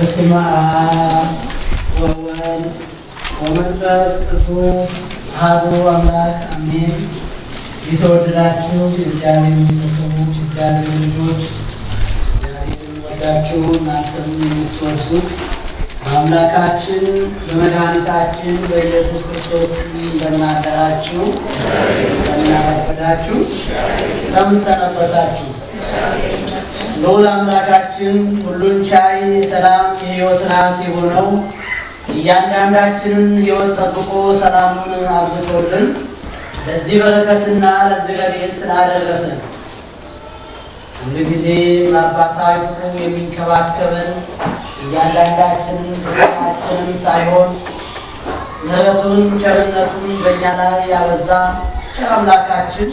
በስመ አብ ወወልድ ወመንፈስ ቅዱስ አሐዱ አምላክ አሜን። የተወደዳችሁ የእግዚአብሔር ቤተሰቦች፣ እግዚአብሔር ልጆች፣ እግዚአብሔርን ወዳችሁ እናንተም የምትወዱት በአምላካችን በመድኃኒታችን በኢየሱስ ክርስቶስ እንደምናደራችሁ እንደምናረፈዳችሁ እንደምንሰነበታችሁ ልዑል አምላካችን ሁሉን ቻይ ሰላም የሕይወት ናስ የሆነው እያንዳንዳችንን ሕይወት ጠብቆ ሰላሙን አብዝቶልን ለዚህ በረከትና ለዚህ ረድኤት ስላደረሰን ሁሉ ጊዜ በአባታዊ ፍቅሩ የሚንከባከበን እያንዳንዳችንን ድካማችንን ሳይሆን ምሕረቱን ቸርነቱን በእኛ ላይ ያበዛ ቸር አምላካችን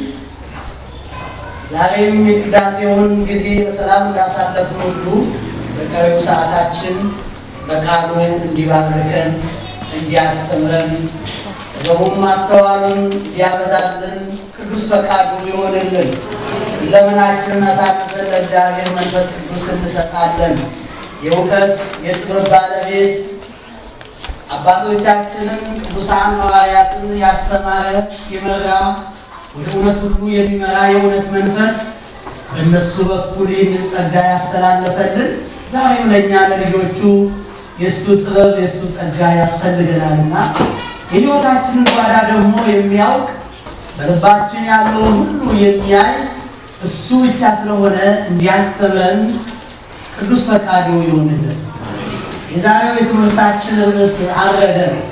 ዛሬም የቅዳሴውን ጊዜ በሰላም እንዳሳለፍ ሁሉ በቀሪው ሰዓታችን በቃሉ እንዲባርከን እንዲያስተምረን ጥበቡን ማስተዋሉን እንዲያበዛልን ቅዱስ ፈቃዱ ይሆንልን። ለምናችንን አሳልፈን ለእግዚአብሔር መንፈስ ቅዱስ እንሰጣለን። የእውቀት የጥበብ ባለቤት አባቶቻችንን ቅዱሳን ሐዋርያትን ያስተማረ ይመራ ወደ እውነት ሁሉ የሚመራ የእውነት መንፈስ በእነሱ በኩል ይህንን ጸጋ ያስተላለፈልን ዛሬም ለእኛ ለልጆቹ የእሱ ጥበብ የእሱ ጸጋ ያስፈልገናልና የህይወታችንን ጓዳ ደግሞ የሚያውቅ በልባችን ያለውን ሁሉ የሚያይ እሱ ብቻ ስለሆነ እንዲያስተምረን ቅዱስ ፈቃዱ ይሆንልን። የዛሬው የትምህርታችን ርዕስ አረገ ነው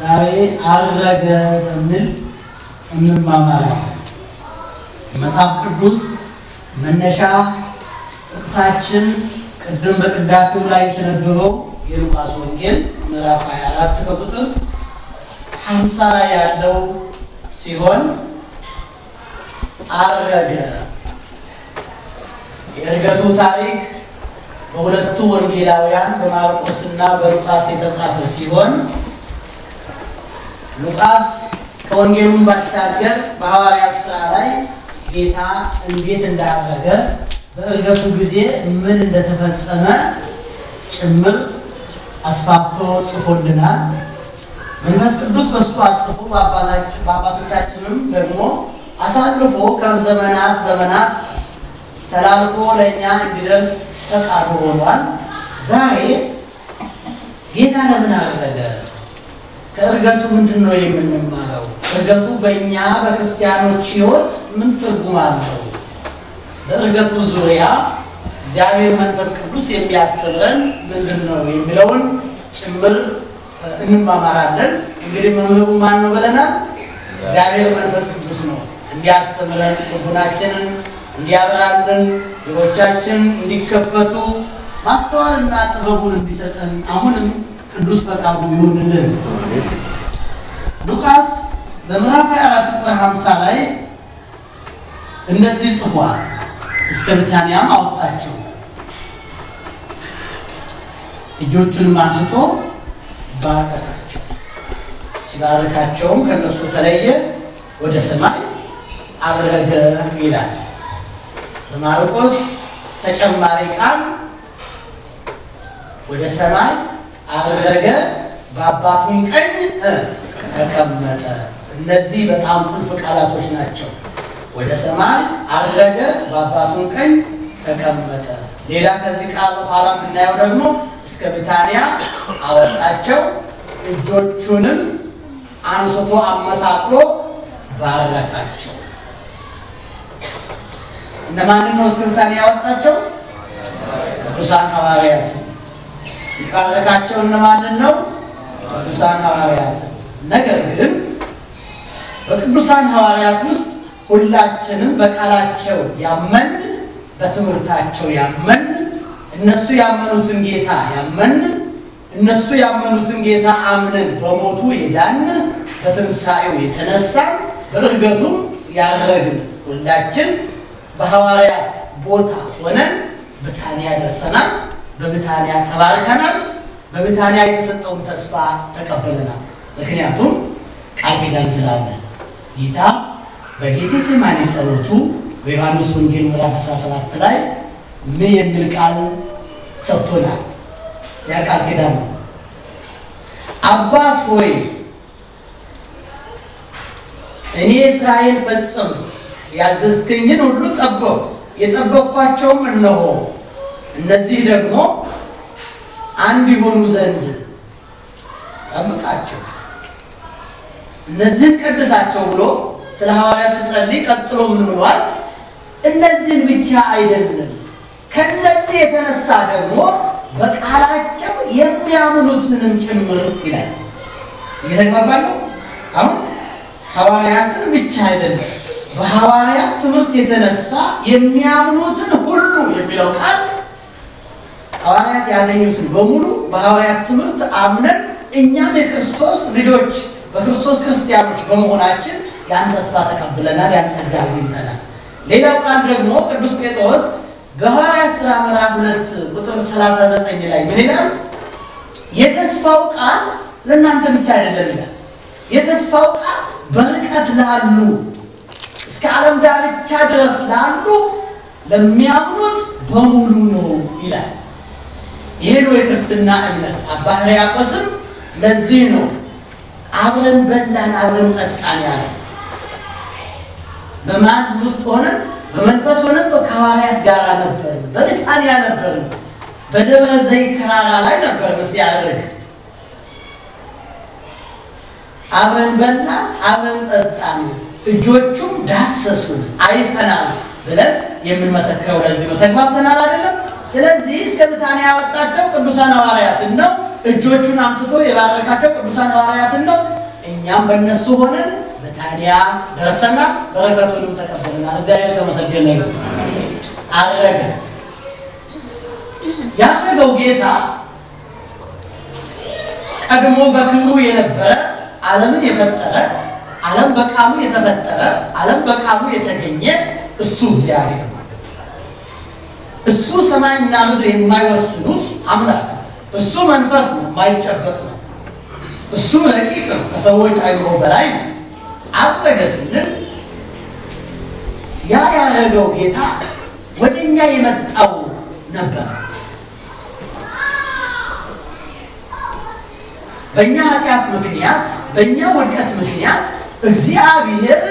ዛሬ አረገ በሚል እንማማራለን። የመጽሐፍ ቅዱስ መነሻ ጥቅሳችን ቅድም በቅዳሴው ላይ የተነበበው የሉቃስ ወንጌል ምዕራፍ 24 ከቁጥር 50 ላይ ያለው ሲሆን አረገ። የእርገቱ ታሪክ በሁለቱ ወንጌላውያን በማርቆስና በሉቃስ የተጻፈ ሲሆን ሉቃስ ከወንጌሉን ባሻገር በሐዋርያት ሥራ ላይ ጌታ እንዴት እንዳደረገ በእርገቱ ጊዜ ምን እንደተፈጸመ ጭምር አስፋፍቶ ጽፎልናል። መንፈስ ቅዱስ በሱ አጽፎ በአባቶቻችንም ደግሞ አሳልፎ ከዘመናት ዘመናት ተላልፎ ለእኛ እንዲደርስ ተቃዶ ሆኗል። ዛሬ ጌታ ለምን አደረገ? ከእርገቱ ምንድን ነው የምንማረው? እርገቱ በእኛ በክርስቲያኖች ህይወት ምን ትርጉም አለው? በእርገቱ ዙሪያ እግዚአብሔር መንፈስ ቅዱስ የሚያስተምረን ምንድን ነው የሚለውን ጭምር እንማማራለን። እንግዲህ መምህሩ ማን ነው ብለናል? እግዚአብሔር መንፈስ ቅዱስ ነው። እንዲያስተምረን ልቡናችንን እንዲያበራልን ጆሮቻችን እንዲከፈቱ ማስተዋልና ጥበቡን እንዲሰጠን አሁንም ቅዱስ ፈቃዱ ይሁንልን። ሉቃስ በምዕራፍ 24 ቁጥር 50 ላይ እንደዚህ ጽፏል፣ እስከ ብታንያም አወጣቸው። እጆቹንም አንስቶ ባረካቸው። ሲባረካቸውም ከነርሱ ተለየ፣ ወደ ሰማይ አረገ ይላል። በማርቆስ ተጨማሪ ቃል ወደ ሰማይ አረገ፣ በአባቱን ቀኝ ተቀመጠ። እነዚህ በጣም ቁልፍ ቃላቶች ናቸው። ወደ ሰማይ አረገ፣ በአባቱን ቀኝ ተቀመጠ። ሌላ ከዚህ ቃል በኋላ የምናየው ደግሞ እስከ ብታንያ አወጣቸው፣ እጆቹንም አንስቶ አመሳቅሎ ባረካቸው። እነማንን ነው እስከ ብታንያ ያወጣቸው? ቅዱሳን ሐዋርያት የባረካቸው እነማንን ነው? ቅዱሳን ሐዋርያት። ነገር ግን በቅዱሳን ሐዋርያት ውስጥ ሁላችንም በቃላቸው ያመን፣ በትምህርታቸው ያመን፣ እነሱ ያመኑትን ጌታ ያመን፣ እነሱ ያመኑትን ጌታ አምነን በሞቱ የዳን፣ በትንሣኤው የተነሳን፣ በዕርገቱም ያረግን ሁላችን በሐዋርያት ቦታ ሆነን ብታንያ ደርሰናል። በብታንያ ተባርከናል። በብታንያ የተሰጠውን ተስፋ ተቀበለናል። ምክንያቱም ቃል ኪዳን ስላለ ጌታ በጌቴሴማኒ ጸሎቱ በዮሐንስ ወንጌል ምዕራፍ 17 ላይ ምን የሚል ቃል ሰጥቶናል? ያ ቃል ኪዳን ነው። አባት ሆይ እኔ እስራኤል ፈጽም ያዘዝከኝን ሁሉ ጠበቅ የጠበቅኳቸውም እነሆ እነዚህ ደግሞ አንድ ይሆኑ ዘንድ ጠብቃቸው፣ እነዚህን ቅድሳቸው ብሎ ስለ ሐዋርያ ሲጸልይ ቀጥሎ ምን ብሏል? እነዚህን ብቻ አይደለም ከነዚህ የተነሳ ደግሞ በቃላቸው የሚያምኑትንም ጭምር ይላል። እየተግባባሉ አሁን ሐዋርያትን ብቻ አይደለም በሐዋርያት ትምህርት የተነሳ የሚያምኑትን ሁሉ የሚለው ቃል ሐዋርያት ያገኙትን በሙሉ በሐዋርያት ትምህርት አምነን እኛም የክርስቶስ ልጆች በክርስቶስ ክርስቲያኖች በመሆናችን ያን ተስፋ ተቀብለናል፣ ያን ጸጋ አግኝተናል። ሌላው ቃል ደግሞ ቅዱስ ጴጥሮስ በሐዋርያት ሥራ ምዕራፍ ሁለት ቁጥር 39 ላይ ምን ይላል? የተስፋው ቃል ለእናንተ ብቻ አይደለም ይላል። የተስፋው ቃል በርቀት ላሉ እስከ ዓለም ዳርቻ ድረስ ላሉ ለሚያምኑት በሙሉ ነው ይላል። ይሄ ነው የክርስትና እምነት። አባ ሕርያቆስም ለዚህ ነው አብረን በላን አብረን ጠጣን ያለ በማዕድ ውስጥ ሆነ በመንፈስ ሆነን ከሐዋርያት ጋር ነበር። በብሪታንያ ነበር። በደብረ ዘይት ተራራ ላይ ነበር ሲያደርግ አብረን በላን አብረን ጠጣን፣ እጆቹም ዳሰሱን አይተናል ብለን የምንመሰክረው ለዚህ ነው። ተግባብተናል አይደለም? ስለዚህ እስከ ብታንያ ያወጣቸው ቅዱሳን ሐዋርያትን ነው። እጆቹን አንስቶ የባረካቸው ቅዱሳን ሐዋርያትን ነው። እኛም በእነሱ ሆነን ብታንያ ደርሰናል፣ በረከቱንም ተቀበለናል። እግዚአብሔር ተመሰገነ ነው። አረገ ያረገው ጌታ ቀድሞ በክብሩ የነበረ ዓለምን የፈጠረ ዓለም በቃሉ የተፈጠረ ዓለም በቃሉ የተገኘ እሱ እግዚአብሔር ነው። እሱ ሰማይና ምድር የማይወስኑት አምላክ እሱ መንፈስ ነው፣ የማይጨበጥ ነው። እሱ ረቂቅ ነው፣ ከሰዎች አይምሮ በላይ ነው። አረገ ስንል ያ ያደረገው ጌታ ወደኛ የመጣው ነበር። በእኛ ኃጢአት ምክንያት በእኛ ውድቀት ምክንያት እግዚአብሔር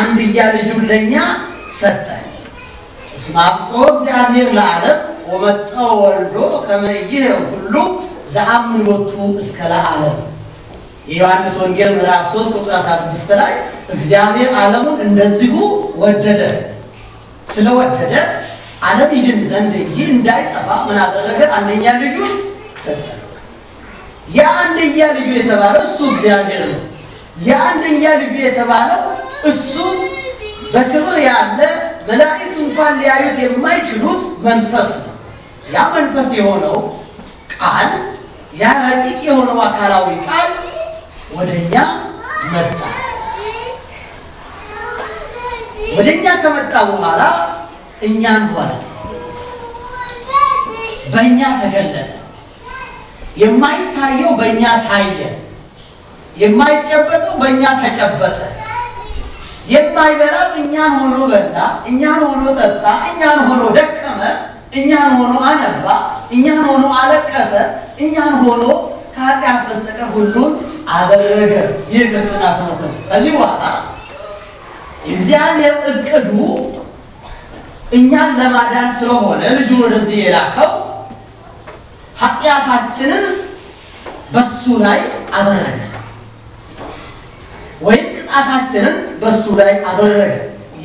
አንድያ ልጁን ለእኛ ሰጠ። እስመ እግዚአብሔር ለዓለም ወመጠ ወልዶ ከመ ይእዜሰ ሁሉ ዘአምን ወቱ እስከ ለዓለም የዮሐንስ ወንጌል ምዕራፍ 3 ቁጥር 16 ላይ እግዚአብሔር ዓለሙን እንደዚሁ ወደደ። ስለወደደ ዓለም ይድን ዘንድ እንጂ እንዳይጠፋ ምን አደረገ? አንደኛ ልጁ ሰጠ። የአንደኛ ልጁ የተባለው እሱ እግዚአብሔር ነው። የአንደኛ ልጁ የተባለው እሱ በክብር ያለ መላእክቱ እንኳን ሊያዩት የማይችሉት መንፈስ ነው። ያ መንፈስ የሆነው ቃል ያ ረቂቅ የሆነው አካላዊ ቃል ወደኛ መጣ። ወደኛ ከመጣ በኋላ እኛን ሆነ፣ በእኛ ተገለጠ። የማይታየው በእኛ ታየ፣ የማይጨበጠው በእኛ ተጨበጠ። የማይበላው እኛን ሆኖ በላ፣ እኛን ሆኖ ጠጣ፣ እኛን ሆኖ ደከመ፣ እኛን ሆኖ አነባ፣ እኛን ሆኖ አለቀሰ፣ እኛን ሆኖ ከኃጢአት በስተቀር ሁሉን አደረገ። ይህ ክርስትና ነው። ከዚህ በኋላ እግዚአብሔር እቅዱ እኛን ለማዳን ስለሆነ ልጁ ወደዚህ የላከው ኃጢአታችንን በሱ ላይ አደረገ። ወይም ቅጣታችንን በእሱ ላይ አደረገ።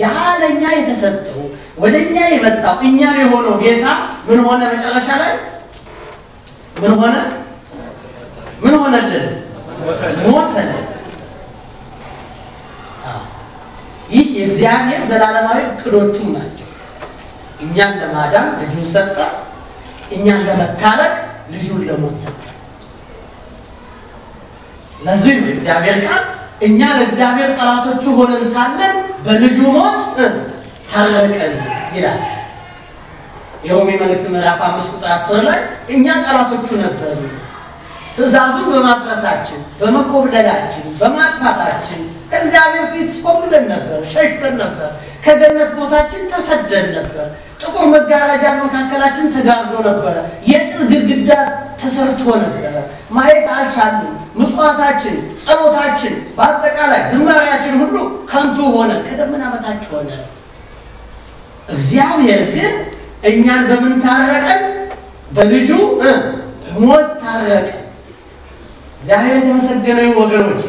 ያ ለእኛ የተሰጠው ወደ እኛ የመጣው እኛ የሆነው ጌታ ምን ሆነ? መጨረሻ ላይ ምን ሆነ? ምን ሆነልን? ሞተን። ይህ የእግዚአብሔር ዘላለማዊ እቅዶቹ ናቸው። እኛን ለማዳም ልጁን ሰጠ። እኛን ለመታረቅ ልጁን ለሞት ሰጠ። ለዚህ ነው የእግዚአብሔር ቃል እኛ ለእግዚአብሔር ጠላቶቹ ሆነን ሳለን በልጁ ሞት ታረቀን ይላል። የሮሜ መልእክት ምዕራፍ አምስት ቁጥር አስር ላይ እኛ ጠላቶቹ ነበሩ፣ ትእዛዙን በማፍረሳችን በመኮብለላችን፣ በማጥፋታችን ከእግዚአብሔር ፊት ስኮብለን ነበር፣ ሸሽተን ነበር፣ ከገነት ቦታችን ተሰደን ነበር። ጥቁር መጋረጃ መካከላችን ተጋርዶ ነበረ፣ የጥል ግድግዳ ተሰርቶ ነበረ፣ ማየት አልቻሉም። ምጽዋታችን፣ ጸሎታችን፣ በአጠቃላይ ዝማሬያችን ሁሉ ከንቱ ሆነ፣ ከደመና በታች ሆነ። እግዚአብሔር ግን እኛን በምን ታረቀን? በልጁ ሞት ታረቀን። እግዚአብሔር የተመሰገነ ወገኖች፣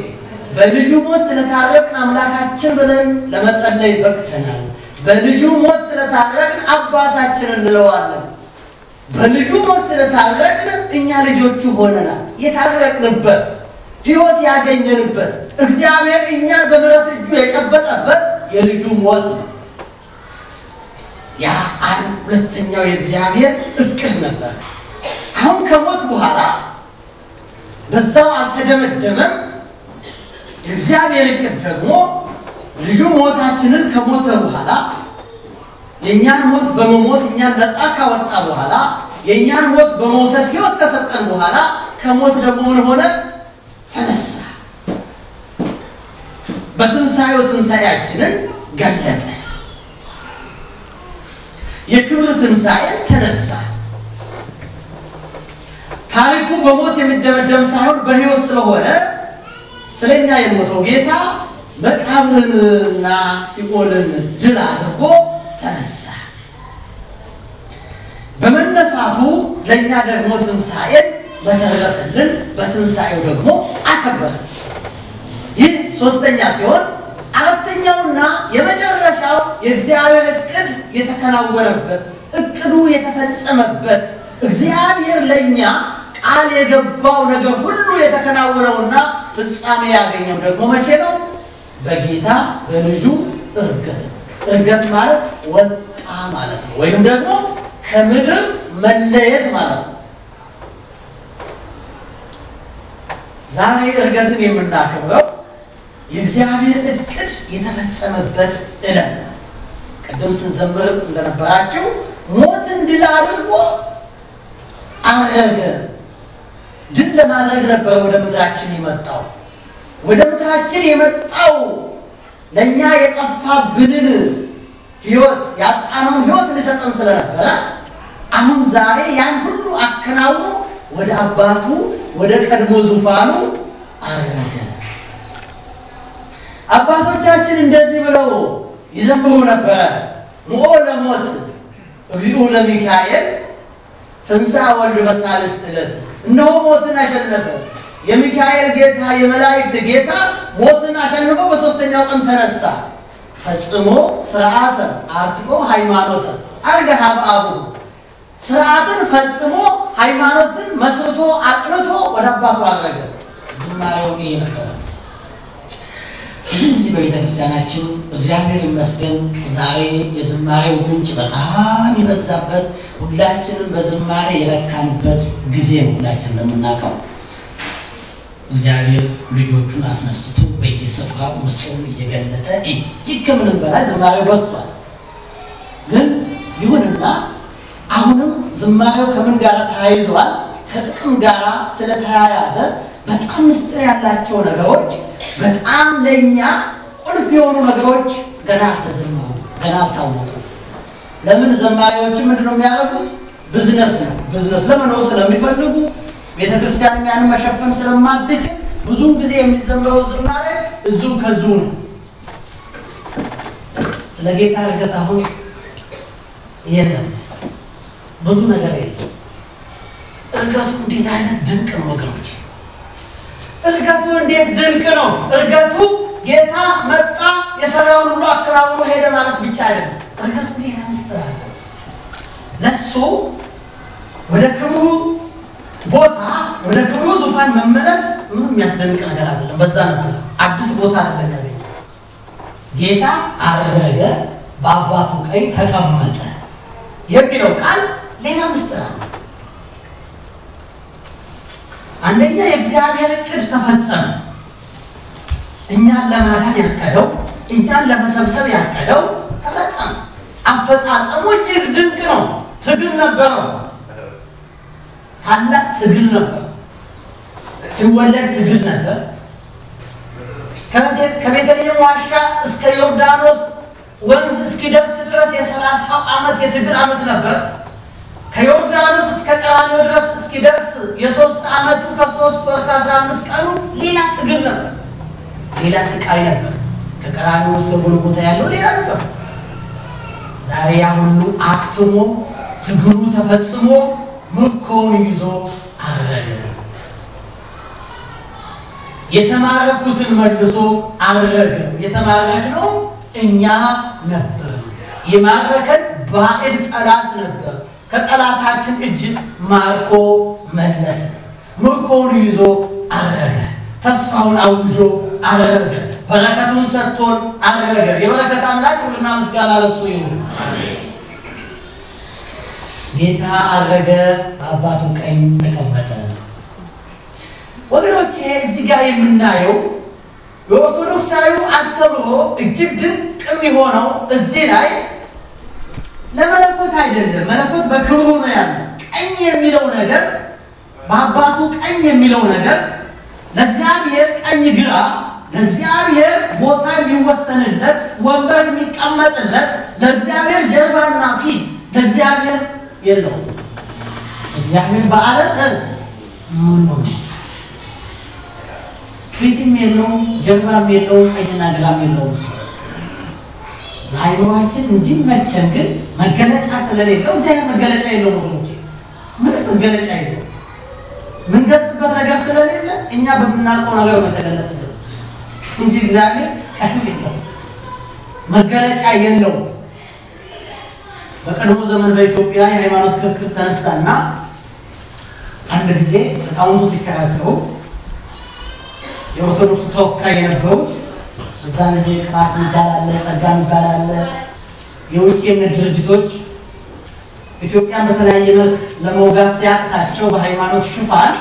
በልጁ ሞት ስለታረቅን አምላካችን ብለን ለመጸለይ በቅተናል። በልጁ ሞት ስለታረቅን አባታችን እንለዋለን። በልጁ ሞት ስለታረቅን እኛ ልጆቹ ሆነናል። የታረቅንበት ህይወት ያገኘንበት እግዚአብሔር እኛን በምሕረት እጁ የጨበጠበት የልጁ ሞት ነው። ያ አንድ ሁለተኛው የእግዚአብሔር እቅድ ነበር። አሁን ከሞት በኋላ በዛው አልተደመደመም። የእግዚአብሔር እቅድ ደግሞ ልጁ ሞታችንን ከሞተ በኋላ የእኛን ሞት በመሞት እኛን ነፃ ካወጣ በኋላ የእኛን ሞት በመውሰድ ህይወት ከሰጠን በኋላ ከሞት ደግሞ ምን ሆነ? ተነሳ። በትንሣኤው ትንሣኤያችንን ገለጠ። የክብር ትንሣኤን ተነሳ። ታሪኩ በሞት የሚደመደም ሳይሆን በሕይወት ስለሆነ ስለኛ የሞተው ጌታ መቃብርንና ሲኦልን ድል አድርጎ ተነሳ። በመነሳቱ ለእኛ ደግሞ ትንሣኤን መሰረተልን፣ በትንሣኤው ደግሞ አከበረ ይህ ሶስተኛ ሲሆን አራተኛውና የመጨረሻው የእግዚአብሔር እቅድ የተከናወነበት እቅዱ የተፈጸመበት እግዚአብሔር ለእኛ ቃል የገባው ነገር ሁሉ የተከናወረውና ፍጻሜ ያገኘው ደግሞ መቼ ነው? በጌታ በልጁ እርገት እርገት ማለት ወጣ ማለት ነው፣ ወይም ደግሞ ከምድር መለየት ማለት ነው። ዛሬ እርገትን የምናከብረው የእግዚአብሔር እቅድ የተፈጸመበት እለት ነው። ቅድም ስንዘምር እንደነበራችሁ ሞትን ድል አድርጎ አረገ። ድል ለማድረግ ነበረ ወደ ምድራችን የመጣው። ወደ ምድራችን የመጣው ለእኛ የጠፋብንን ህይወት ያጣነውን ህይወት ሊሰጠን ስለነበረ አሁን ዛሬ ያን ሁሉ አከናውኖ ወደ አባቱ ወደ ቀድሞ ዙፋኑ አረገ። አባቶቻችን እንደዚህ ብለው ይዘምሩ ነበር። ሞኦ ለሞት እግዚኡ ለሚካኤል ትንሣ ወልድ በሳልስት ዕለት። እነሆ ሞትን አሸነፈ የሚካኤል ጌታ የመላእክት ጌታ ሞትን አሸንፎ በሦስተኛው ቀን ተነሳ። ፈጽሞ ስርዓተ አርትቆ ሃይማኖተ አርገ ሀብአቡ ስርዓትን ፈጽሞ ሃይማኖትን መስርቶ አቅንቶ ወደ አባቱ አረገ። ዝማሬውን ይሄ ነበረ። ስለዚህ በቤተክርስቲያናችን እግዚአብሔር ይመስገን ዛሬ የዝማሬው ምንጭ በጣም የበዛበት ሁላችንም በዝማሬ የረካንበት ጊዜ ነው። ሁላችን እንደምናውቀው እግዚአብሔር ልጆቹን አስነስቶ በየስፍራ ምስጢሩን እየገለጠ እጅግ ከምንም በላይ ዝማሬው በዝቷል። ግን ይሁንና አሁንም ዝማሬው ከምን ጋር ተያይዟል? ከጥቅም ጋር ስለተያያዘ በጣም ምስጢር ያላቸው ነገሮች፣ በጣም ለእኛ ቁልፍ የሆኑ ነገሮች ገና አልተዘመሩ፣ ገና አልታወቁ። ለምን ዘማሪዎች ምንድን ነው የሚያደርጉት? ብዝነስ ነው። ብዝነስ ለመኖር ስለሚፈልጉ ቤተክርስቲያን ያን መሸፈን ስለማትችል ብዙውን ጊዜ የሚዘምረው ዝማሬ እዙ ከዙ ነው። ስለ ጌታ እርገት አሁን የለም። ብዙ ነገር የለም። እርገቱ እንዴት አይነት ድንቅ ነው ወገኖች! እርገቱ እንዴት ድንቅ ነው! እርገቱ ጌታ መጣ የሰራውን ሁሉ አከናውኖ ሄደ ማለት ብቻ አይደለም። እርገቱ ሌላ ምስጢር ለሱ ወደ ክብሩ ቦታ ወደ ክብሩ ዙፋን መመለስ ምንም የሚያስደንቅ ነገር አይደለም። በዛ ነበር አዲስ ቦታ አለ። ጌታ አረገ፣ በአባቱ ቀኝ ተቀመጠ የሚለው ቃል ሌላ ምስጢር አለ። አንደኛ የእግዚአብሔር እቅድ ተፈጸመ። እኛን ለማዳን ያቀደው እኛን ለመሰብሰብ ያቀደው ተፈጸመ። አፈጻጸሙ እጅግ ድንቅ ነው። ትግል ነበረው። ታላቅ ትግል ነበር። ሲወለድ ትግል ነበር። ከቤተልሔም ዋሻ እስከ ዮርዳኖስ ወንዝ እስኪደርስ ድረስ የሰላሳው ዓመት የትግል ዓመት ነበር። ከዮርዳኖስ እስከ ቀራንዮ ድረስ እስኪደርስ የሶስት ዓመቱ ከሶስት ወር ከአስራ አምስት ቀኑ ሌላ ትግል ነበር፣ ሌላ ስቃይ ነበር። ከቀራንዮ እስከ ጎልጎታ ያለው ሌላ ነበር። ዛሬ ያ ሁሉ አክትሞ ትግሉ ተፈጽሞ ምርኮውን ይዞ አረገ። የተማረኩትን መልሶ አረገ። ነው እኛ ነበር። የማረከን ባዕድ ጠላት ነበር። ከጠላታችን እጅ ማርኮ መለሰ። ምርኮውን ይዞ አረገ። ተስፋውን አውጆ አረገ። በረከቱን ሰጥቶን አረገ። የበረከት አምላክ ክብርና ምስጋና ለሱ ይሁን። ጌታ አረገ፣ በአባቱ ቀኝ ተቀመጠ። ወገኖች ይሄ እዚህ ጋር የምናየው የኦርቶዶክሳዊ አስተምህሮ እጅግ ድንቅ የሚሆነው እዚህ ላይ ለመለኮት አይደለም። መለኮት በክብሩ ነው ያለ። ቀኝ የሚለው ነገር በአባቱ ቀኝ የሚለው ነገር ለእግዚአብሔር ቀኝ ግራ፣ ለእግዚአብሔር ቦታ የሚወሰንለት ወንበር የሚቀመጥለት፣ ለእግዚአብሔር ጀርባና ፊት ለእግዚአብሔር የለውም። እግዚአብሔር በአለት ምኑ ነው? ፊትም የለውም፣ ጀርባም የለውም፣ ቀኝና ግራም የለውም። ለአይምሯችን እንዲመቸን ግን መገለጫ ስለሌለው እግዚአብሔር መገለጫ የለው ወገኖች፣ ምንም መገለጫ የለው። ምንገልጥበት ነገር ስለሌለ እኛ በምናውቀው ነገር መተገለጥ እንጂ እግዚአብሔር ቀን የለው መገለጫ የለው። በቀድሞ ዘመን በኢትዮጵያ የሃይማኖት ክርክር ተነሳና አንድ ጊዜ ሊቃውንቱ ሲከራከሩ የኦርቶዶክስ ተወካይ የነበሩት እዛን ጊዜ ቅባት ይባላለ፣ ጸጋ ይባላለ። የውጭ የእምነት ድርጅቶች ኢትዮጵያን በተለያየ መልክ ለመውጋት ሲያቅታቸው በሃይማኖት ሽፋን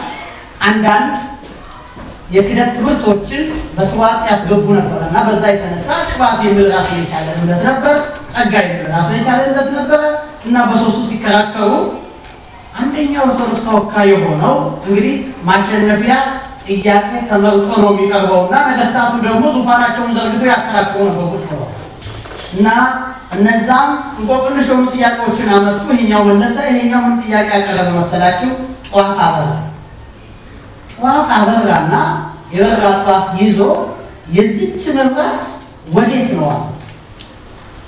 አንዳንድ የክደት ትምህርቶችን በስዋ ሲያስገቡ ነበረ እና በዛ የተነሳ ቅባት የሚል ራሱን የቻለ እምነት ነበር፣ ጸጋ የሚል ራሱን የቻለ እምነት ነበረ እና በሶስቱ ሲከራከሩ አንደኛ ኦርቶዶክስ ተወካይ የሆነው እንግዲህ ማሸነፊያ ጥያቄ ተመርቶ ነው የሚቀርበው እና ነገስታቱ ደግሞ ዙፋናቸውን ዘርግተው ያከራክሩ ነበሩ ነው እና እነዛም እንቆቅልሽ የሆኑ ጥያቄዎችን አመጡ። ይሄኛው መለሰ። ይሄኛው ምን ጥያቄ ያቀረበ መሰላችሁ? ጧፍ አበራ። ጧፍ አበራና የበራ ጧፍ ይዞ የዚች መብራት ወዴት ነዋል?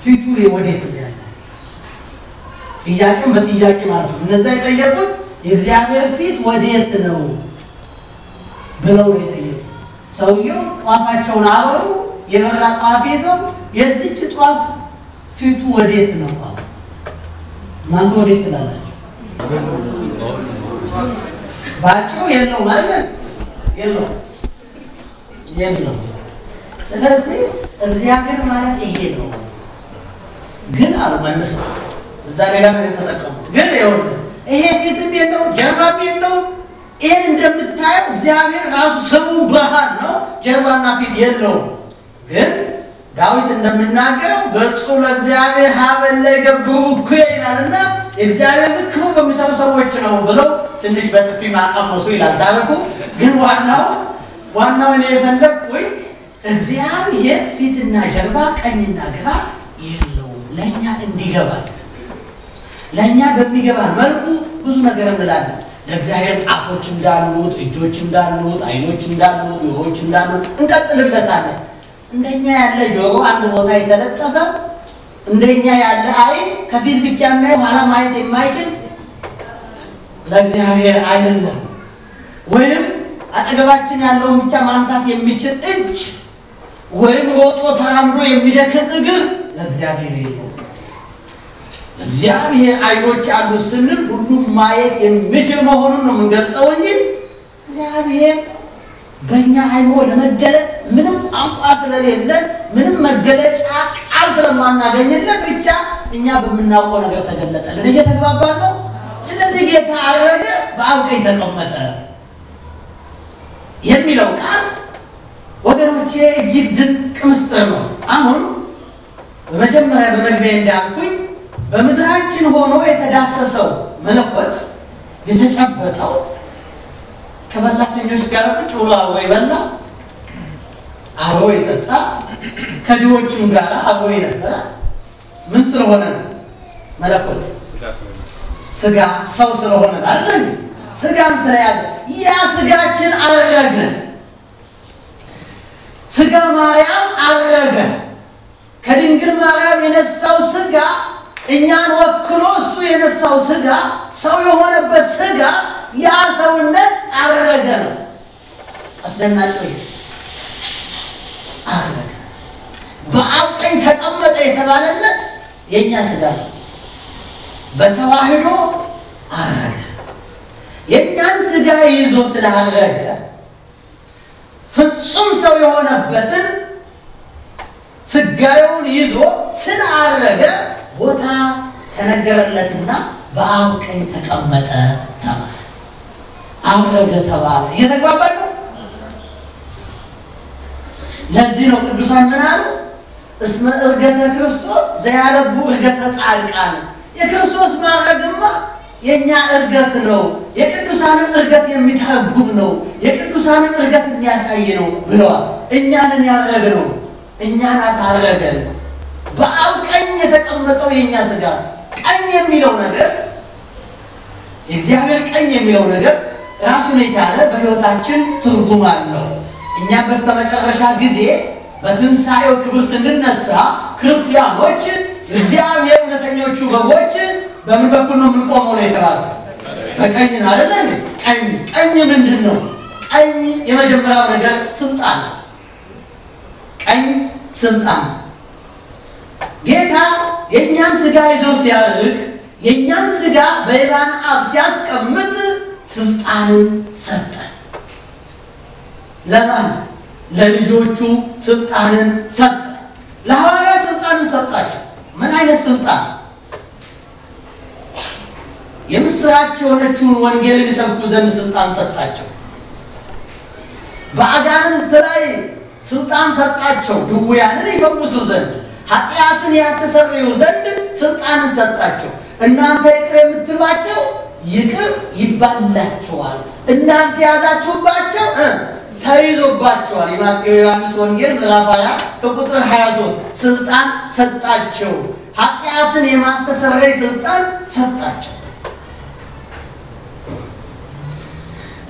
ፊቱ ወዴት ነው ያለ? ጥያቄም በጥያቄ ማለት ነው። እነዛ የጠየቁት የእግዚአብሔር ፊት ወዴት ነው ብለው ነው የጠየቁ። ሰውየው ጧፋቸውን አበሩ። የበራ ጧፍ ይዘው የዚች ጧፍ ፊቱ ወዴት ነው እናንተ ወዴት ትላላችሁ? ባጭሩ የለው ማለት የለው የለው። ስለዚህ እግዚአብሔር ማለት ይሄ ነው። ግን አሉ መልሰው እዛ ሌላ ነገር ተጠቀሙ። ግን ይኸውልህ ይሄ ፊትም የለው ጀርባም ይህን እንደምታየው እግዚአብሔር ራሱ ስሙ ብርሃን ነው፣ ጀርባና ፊት የለውም። ግን ዳዊት እንደምናገረው ገጹ ለእግዚአብሔር ሀበለ ገብሩ ክፉ በሚሰሩ ሰዎች ነው ብለው ትንሽ በጥፊ ማቀመሱ ይላል ታሪኩ። ግን ዋናው ዋናው እኔ የፈለግኩኝ እግዚአብሔር ፊትና ጀርባ ቀኝና ግራ የለውም። ለእኛ እንዲገባል ለእኛ በሚገባ መልኩ ብዙ ነገር እንላለን። ለእግዚአብሔር ጣቶች እንዳሉት፣ እጆች እንዳሉት፣ አይኖች እንዳሉት፣ ጆሮዎች እንዳሉት እንቀጥልበታለን። እንደኛ ያለ ጆሮ አንድ ቦታ የተለጠፈ እንደኛ ያለ አይን ከፊት ብቻ ና ኋላ ማየት የማይችል ለእግዚአብሔር አይደለም። ወይም አጠገባችን ያለውን ብቻ ማንሳት የሚችል እጅ ወይም ሮጦ ተራምዶ የሚደክም እግር ለእግዚአብሔር የለው። እግዚአብሔር አይኖች አሉት ስንል ሁሉም ማየት የሚችል መሆኑን ነው የምንገልጸው እንጂ እግዚአብሔር በእኛ አይኖ ለመገለጥ ምንም ቋንቋ ስለሌለን ምንም መገለጫ ቃል ስለማናገኝለት ብቻ እኛ በምናውቀው ነገር ተገለጠልን። እየተግባባን ነው። ስለዚህ ጌታ አረገ በአብ ቀኝ ተቀመጠ የሚለው ቃል ወገኖቼ እጅግ ድንቅ ምስጢር ነው። አሁን በመጀመሪያ በመግቢያ እንዳልኩኝ በምድራችን ሆኖ የተዳሰሰው መለኮት የተጨበጠው ከበላተኞች ጋር ቁጭ ብሎ አብሮ የበላ አብሮ የጠጣ ከድዎቹም ጋር አብሮ የነበረ ምን ስለሆነ ነው? መለኮት ስጋ ሰው ስለሆነ አይደለም። ስጋን ስለያዘ ያ ስጋችን አረገ። ስጋ ማርያም አረገ። ከድንግል ማርያም የነሳው ስጋ እኛን ወክሎ እሱ የነሳው ስጋ ሰው የሆነበት ስጋ ያ ሰውነት አረገ ነው። አስደናቂ አረገ። በአብ ቀኝ ተቀመጠ የተባለለት የእኛ ስጋ ነው። በተዋህዶ አረገ። የእኛን ስጋ ይዞ ስላረገ ፍጹም ሰው የሆነበትን ስጋዩን ይዞ ስላረገ ቦታ ተነገረለትና በአብ ቀኝ ተቀመጠ ተባለ። አውረደ ተባለ። እየተግባባ ነው። ለዚህ ነው ቅዱሳን ምን አሉ? እስመ እርገተ ክርስቶስ ዘያለቡ እርገተ ጻድቃን። የክርስቶስ ማረግማ የእኛ እርገት ነው፣ የቅዱሳንን እርገት የሚተረጉም ነው፣ የቅዱሳንን እርገት የሚያሳይ ነው ብለዋል። እኛንን ያረግ ነው፣ እኛን አሳረገን። በአብ ቀኝ የተቀመጠው የእኛ ስጋ ቀኝ የሚለው ነገር የእግዚአብሔር ቀኝ የሚለው ነገር ራሱን የቻለ በህይወታችን ትርጉም አለው። እኛ በስተመጨረሻ ጊዜ በትንሣኤው ክብር ስንነሳ ክርስቲያኖች እግዚአብሔር እውነተኞቹ በጎች በምን በኩል ነው የምንቆመው ነው የተባለ በቀኝ ነው አይደለ? ቀኝ ቀኝ ምንድን ነው? ቀኝ የመጀመሪያው ነገር ስልጣን፣ ቀኝ ስልጣን ጌታ የእኛን ስጋ ይዞ ሲያርግ የእኛን ስጋ በይባን አብ ሲያስቀምጥ ስልጣንን ሰጠ። ለማን? ለልጆቹ ስልጣንን ሰጠ። ለሐዋርያ ስልጣንን ሰጣቸው። ምን አይነት ስልጣን? የምስራች የሆነችውን ወንጌልን ይሰብኩ ዘንድ ስልጣን ሰጣቸው። በአጋንንት ላይ ስልጣን ሰጣቸው፣ ድውያንን ይፈውሱ ዘንድ ኃጢአትን ያስተሰርዩ ዘንድ ስልጣንን ሰጣቸው። እናንተ ይቅር የምትሏቸው ይቅር ይባላችኋል፣ እናንተ የያዛችሁባቸው ተይዞባቸዋል። ዮሐንስ ወንጌል ምዕራፍ 20 ከቁጥር 23 ስልጣን ሰጣቸው፣ ኃጢአትን የማስተሰረይ ስልጣን ሰጣቸው።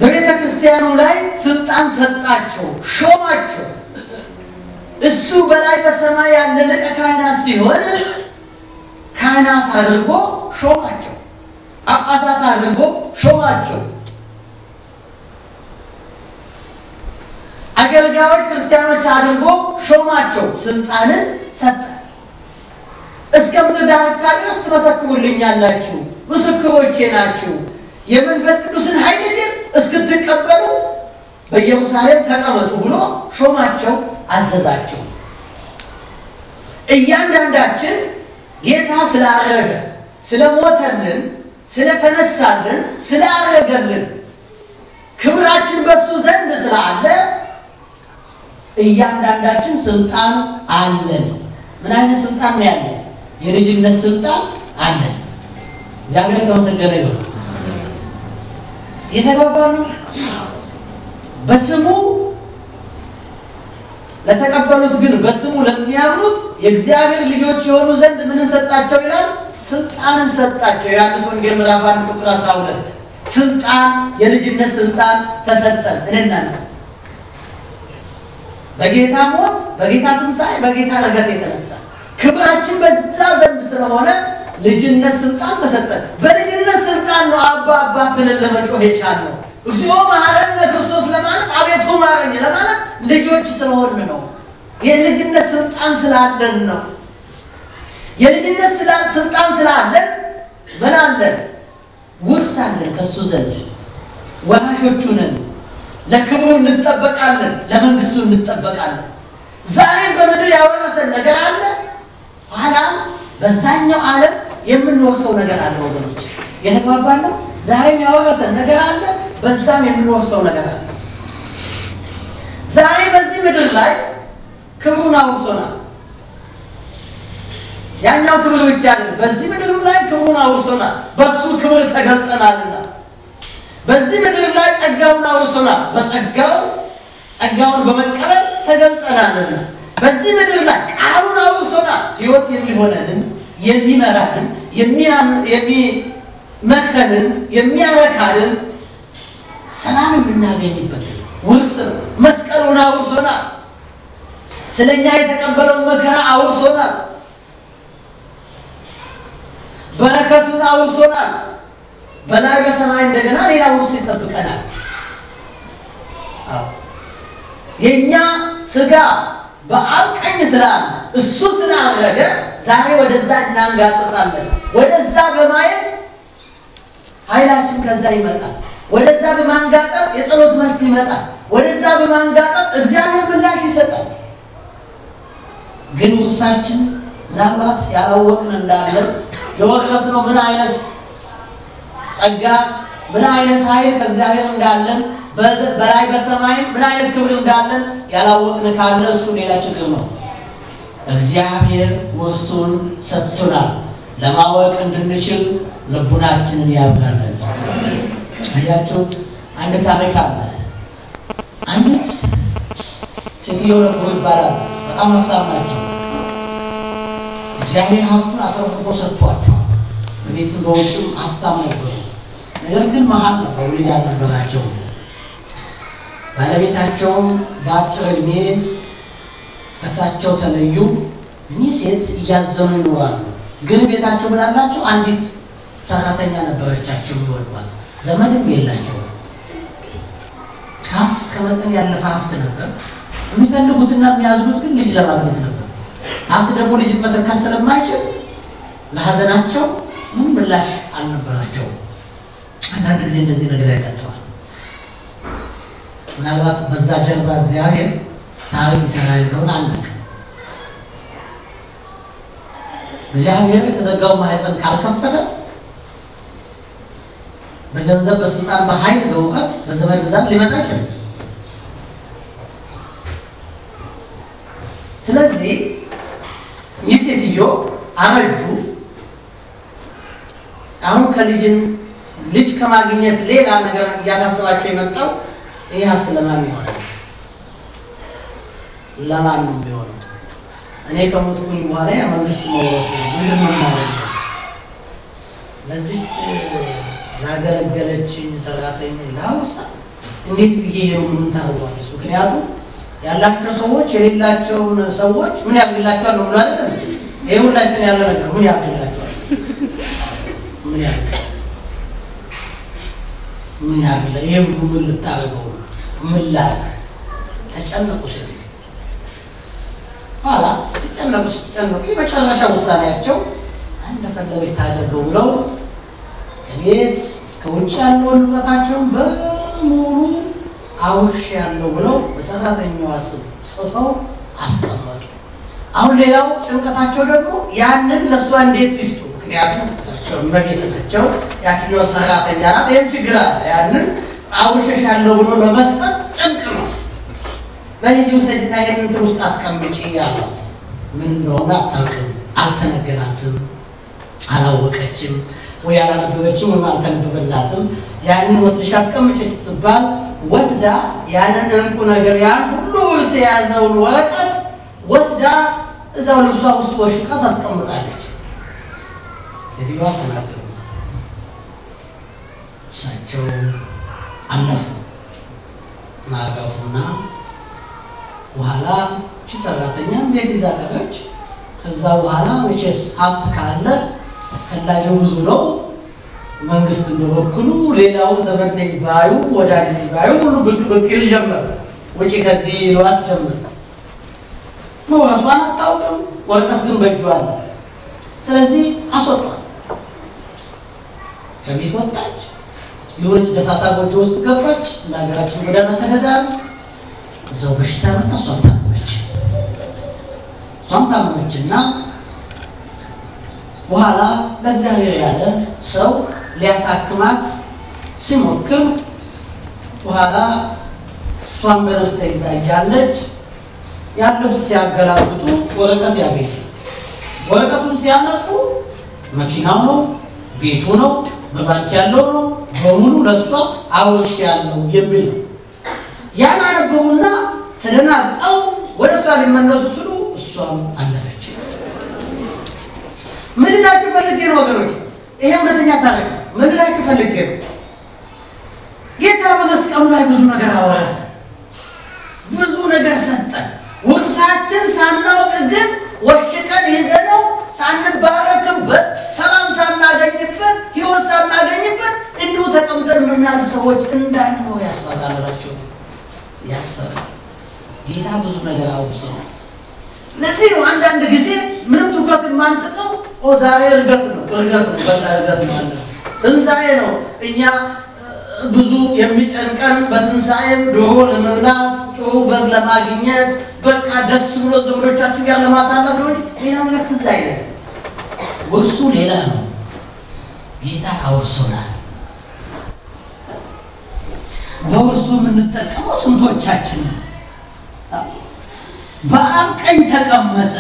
በቤተ ክርስቲያኑ ላይ ስልጣን ሰጣቸው፣ ሾማቸው። እሱ በላይ በሰማይ ያለ ሊቀ ካህናት ሲሆን ካህናት አድርጎ ሾማቸው፣ ጳጳሳት አድርጎ ሾማቸው። አገልጋዮች ክርስቲያኖች አድርጎ ሾማቸው፣ ስልጣንን ሰጠ። እስከ ምድር ዳርቻ ድረስ ትመሰክሩልኛላችሁ፣ ምስክሮቼ ናችሁ። የመንፈስ ቅዱስን ኃይል ግን እስክትቀበሉ በኢየሩሳሌም ተቀመጡ ብሎ ሾማቸው። አዘዛቸው። እያንዳንዳችን ጌታ ስላረገ ስለሞተልን፣ ስለተነሳልን፣ ስላረገልን ክብራችን በሱ ዘንድ ስላለ እያንዳንዳችን ስልጣን አለን። ምን አይነት ስልጣን ነው ያለን? የልጅነት ስልጣን አለን። እግዚአብሔር የተመሰገነ ይሁን። የተግባባ ነው። በስሙ ለተቀበሉት ግን በስሙ ለሚያምኑት የእግዚአብሔር ልጆች የሆኑ ዘንድ ምንን ሰጣቸው ይላል? ስልጣንን ሰጣቸው። ዮሐንስ ወንጌል ምዕራፍ 1 ቁጥር 12 ስልጣን የልጅነት ስልጣን ተሰጠን። እንናንተ በጌታ ሞት፣ በጌታ ትንሣኤ፣ በጌታ ረገት የተነሳ ክብራችን በዛ ዘንድ ስለሆነ ልጅነት ስልጣን ተሰጠን። በልጅነት ስልጣን ነው አባ አባት ብለን ለመጮህ የቻልነው። እግዚኦ መሐረነ ክርስቶስ ለማለት አቤቱ ማረኝ ለማለት ልጆች ስለሆን ነው። የልጅነት ስልጣን ስላለን ነው። የልጅነት ስልጣን ስላለን ምን አለን? ውርስ አለን ከሱ ዘንድ ወራሾቹ ነን። ለክብሩ እንጠበቃለን፣ ለመንግስቱ እንጠበቃለን። ዛሬም በምድር ያወረሰን ነገር አለ። ኋላም በዛኛው ዓለም የምንወርሰው ነገር አለ። ወገኖች የተግባባ ነው። ዛሬም ያወረሰን ነገር አለ። በዛም የምንወርሰው ነገር አለ። ዛሬ በዚህ ምድር ላይ ክብሩን አውርሶናል። ያኛው ክብር ብቻ በዚህ ምድርም ላይ ክብሩን አውርሶናል። በሱ ክብር ተገልጠናልና በዚህ ምድር ላይ ጸጋውን አውርሶናል። በጸጋው ጸጋውን በመቀበል ተገልጠናልና በዚህ ምድር ላይ ቃሉን አውርሶናል። ሕይወት የሚሆነንን የሚመራን የሚመክረንን የሚያረካልን ሰላም የምናገኝበት ውርስ ነው። መስቀሉን አውርሶናል። ስለ እኛ የተቀበለውን መከራ አውርሶናል። በረከቱን አውርሶናል። በላይ በሰማይ እንደገና ሌላ ውርስ ይጠብቀናል። የእኛ ስጋ በአብ ቀኝ ስላለ እሱ ስላረገ ዛሬ ወደዛ እናንጋጥጣለን። ወደዛ በማየት ኃይላችን ከዛ ይመጣል። ወደዛ በማንጋጠጥ የጸሎት መልስ ይመጣል። ወደዛ በማንጋጠጥ እግዚአብሔር ምላሽ ይሰጣል። ግን ውሳችን ምናልባት ያላወቅን እንዳለን የወቅረስ ነው ምን አይነት ጸጋ ምን አይነት ኃይል ከእግዚአብሔር እንዳለን በላይ በሰማይ ምን አይነት ክብር እንዳለን ያላወቅን ካለ እሱ ሌላ ችግር ነው። እግዚአብሔር ውርሱን ሰጥቶናል። ለማወቅ እንድንችል ልቡናችንን ያብራለን። አያቸው አንድ ታሪክ አለ። አንዲት ሴትዮ ረጎ ይባላል። በጣም ሀብታም ናቸው። እግዚአብሔር ሀብቱን አትረፍርፎ ሰጥቷቸዋል። በቤትም በውጭም ሀብታም ነበሩ። ነገር ግን መሀል ነበሩ፣ ልጅ አልነበራቸው። ባለቤታቸውም በአጭር እድሜ ከሳቸው ተለዩ። እኚህ ሴት እያዘኑ ይኖራሉ። ግን ቤታቸው አላቸው? አንዲት ሰራተኛ ነበረቻቸው ይወዷል ዘመድም የላቸው ሀብት ከመጠን ያለፈ ሀብት ነበር። የሚፈልጉትና የሚያዝኑት ግን ልጅ ለማግኘት ነበር። ሀብት ደግሞ ልጅ መተካት ስለማይችል ለሀዘናቸው ምን ምላሽ አልነበራቸው አንዳንድ ጊዜ እንደዚህ ነገር ያጋጥማል። ምናልባት በዛ ጀልባ እግዚአብሔር ታሪክ ይሰራል እንደሆነ አለቅ እግዚአብሔር የተዘጋው ማህፀን ካልከፈተ በገንዘብ በስልጣን በኃይል በእውቀት በዘመድ ብዛት ሊመጣ ይችላል። ስለዚህ ይህ ሴትዮ አመጁ አሁን ከልጅን ልጅ ከማግኘት ሌላ ነገር እያሳስባቸው የመጣው ይህ ሀብት ለማን ይሆናል? ለማን ነው የሚሆነው? እኔ ከሞትኩኝ በኋላ መንግስት መውረሱ ምንድን ነው? ለዚች ላገለገለችኝ ሰራተኛ ላውሳ እንዴት ብዬ ይሄ ምን ምክንያቱም ያላቸው ሰዎች የሌላቸውን ሰዎች ምን ያግላቸዋል? ነው ማለት ነው። ይሄ ሁላችን ያለ ነገር ምን ያግላቸዋል? ምን ያግላቸዋል? ምን ያግላ? ይሄ ምን ምን ተጨነቁ ኋላ ሲጨነቁ ሲጨነቁ የመጨረሻ ውሳኔያቸው እንደፈለገች ታደርገው ብለው ከቤት እስከ ውጭ ያለው ንብረታቸውን በሙሉ አውሽ ያለው ብለው በሰራተኛው አስብ ጽፈው አስቀመጡ። አሁን ሌላው ጭንቀታቸው ደግሞ ያንን ለእሷ እንዴት ይስጡ? ምክንያቱም እሳቸው መቤት ናቸው፣ ያችኛው ሰራተኛ ናት። ይህን ችግር አለ። ያንን አውሸሽ ያለው ብሎ ለመስጠት ጭንቅ ነው። በሂጂ ውሰጅና ይህን ውስጥ አስቀምጪ አላት። ምን እንደሆነ አታውቅም፣ አልተነገራትም፣ አላወቀችም። ወይ አላነበበችም ወይም አልተነበበላትም። ያንን ወስደሽ አስቀምጪ ስትባል ወስዳ ያንን እንቁ ነገር ያን ሁሉ ውርስ የያዘውን ወረቀት ወስዳ እዛው ልብሷ ውስጥ ወሽቃ ታስቀምጣለች። ልጅዋ ተናገሩ። እሳቸው አነፉ ናረፉና በኋላ እቺ ሰራተኛ ቤት ይዛ ቀረች። ከዛ በኋላ መቼስ ሀብት ካለ ፈላጊው ብዙ ነው። መንግስት በበኩሉ ሌላውም ዘመድ ነኝ ባዩ ወዳጅ ነኝ ባዩ ሁሉ ብቅ ብቅ ይል ጀመር። ውጪ ከዚህ ይለዋት ጀመር። መዋሷን አታውቅም፣ ወረቀት ግን በእጇ አለ። ስለዚህ አስወጧት። ከቤት ወጣች። የሆነች ደሳሳ ጎጆ ውስጥ ገባች። ለሀገራችን ጎዳና ተገዳል። እዛው በሽታ መጣ። እሷም ታመመች። እሷም ታመመች እና በኋላ ለእግዚአብሔር ያለ ሰው ሊያሳክማት ሲሞክር በኋላ እሷን በነፍስ ተይዛ እያለች ያን ሲያገላብጡ ወረቀት ያገኘ። ወረቀቱን ሲያነቁ መኪናው ነው፣ ቤቱ ነው፣ በባንክ ያለው ነው በሙሉ ለሷ አውሽ ያለው የሚል ነው። ያን አነበቡና ተደናግጠው ወደ እሷ ሊመለሱ ስሉ እሷም አለ ምን እላችሁ ፈልጌ ነው ወገኖች፣ ይሄ እውነተኛ ታሪክ ምን እላችሁ ፈልጌ ነው። ጌታ በመስቀሉ ላይ ብዙ ነገር አወረሰ፣ ብዙ ነገር ሰጠ። ውቅሳችን ሳናውቅ ግን ወሽቀን ይዘነው ሳንባረክበት፣ ሰላም ሳናገኝበት፣ ህይወት ሳናገኝበት እንዲሁ ተቀምጠን የምናሉ ሰዎች እንዳንሆን ያስፈራል። ያስፈራል። ጌታ ብዙ ነገር አውርሶናል። ለዚህ ነው አንዳንድ ጊዜ ምንም ትኩረት የማንሰጠው ኦ ዛሬ እርገት ነው እርገት ነው በቃ እርገት ማለት ትንሣኤ ነው። እኛ ብዙ የሚጨንቀን በትንሣኤም ዶሮ ለመብላት ጥሩ በግ ለማግኘት በቃ ደስ ብሎ ዘመዶቻችን ጋር ለማሳለፍ ነው። ሌላ ነገር ትዝ አይለን። ውርሱ ሌላ ነው። ጌታ አውርሶናል። በውርሱ የምንጠቀመው ስንቶቻችን ነው? በአብ ቀኝ ተቀመጠ።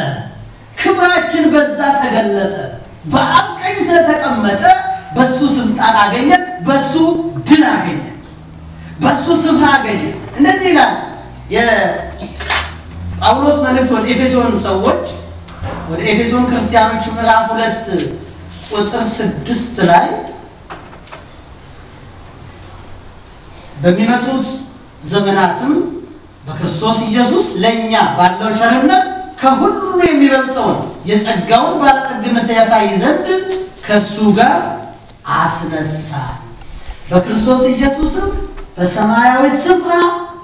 ክብራችን በዛ ተገለጠ። በአብ ቀኝ ስለተቀመጠ በሱ ስልጣን አገኘ፣ በሱ ድል አገኘ፣ በሱ ስፍራ አገኘ። እንደዚህ ይላል የጳውሎስ መልእክት ወደ ኤፌሶን ሰዎች ወደ ኤፌሶን ክርስቲያኖች ምዕራፍ ሁለት ቁጥር ስድስት ላይ በሚመጡት ዘመናትም በክርስቶስ ኢየሱስ ለእኛ ባለው ቸርነት ከሁሉ የሚበልጠውን የጸጋውን ባለጠግነት ያሳይ ዘንድ ከእሱ ጋር አስነሳ በክርስቶስ ኢየሱስም በሰማያዊ ስፍራ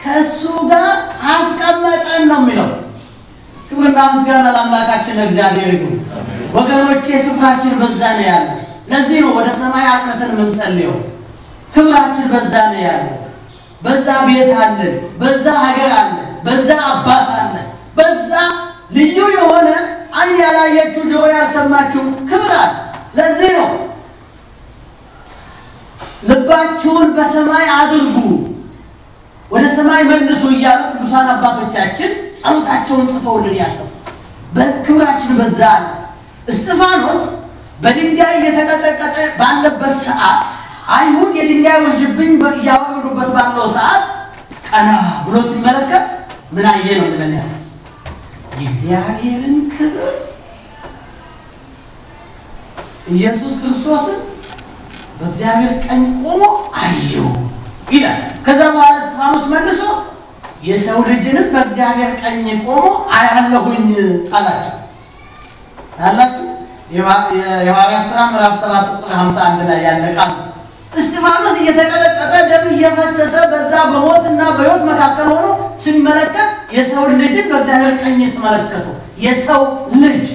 ከእሱ ጋር አስቀመጠን ነው የሚለው። ክብርና ምስጋና ለአምላካችን ለእግዚአብሔር ይሁን። ወገኖቼ ስፍራችን በዛ ነው ያለ። ለዚህ ነው ወደ ሰማይ አቅነትን የምንጸልየው። ክብራችን በዛ ነው ያለ። በዛ ቤት አለን፣ በዛ ሀገር አለን፣ በዛ አባት አለን፣ በዛ ልዩ የሆነ አይን ያላየችው ጆሮ ያልሰማችው ክብር አለ። ለዚህ ነው ልባችሁን በሰማይ አድርጉ ወደ ሰማይ መልሱ እያሉ ቅዱሳን አባቶቻችን ጸሎታቸውን ጽፈውልን ያለፉ በክብራችን በዛ አለ። እስጢፋኖስ በድንጋይ እየተቀጠቀጠ ባለበት ሰዓት አይሁድ የድንጋይ ውርጅብኝ እያወረዱበት ባለው ሰዓት ቀና ብሎ ሲመለከት ምን አየ ነው ብለን ያለ የእግዚአብሔርን ክብር ኢየሱስ ክርስቶስን በእግዚአብሔር ቀኝ ቆሞ አየው ይላል። ከዛ በኋላ እስጢፋኖስ መልሶ የሰው ልጅንም በእግዚአብሔር ቀኝ ቆሞ አያለሁኝ አላቸው። ያላችሁ የሐዋርያት ሥራ ምዕራፍ 7 ቁጥር 51 ላይ ያለ ቃል ነው። እስጢፋኖስ እየተቀጠቀጠ ደም እየፈሰሰ በዛ በሞትና በሕይወት መካከል ሆኖ ሲመለከት የሰው ልጅን በእግዚአብሔር ቀኝ የተመለከቱ የሰው ልጅ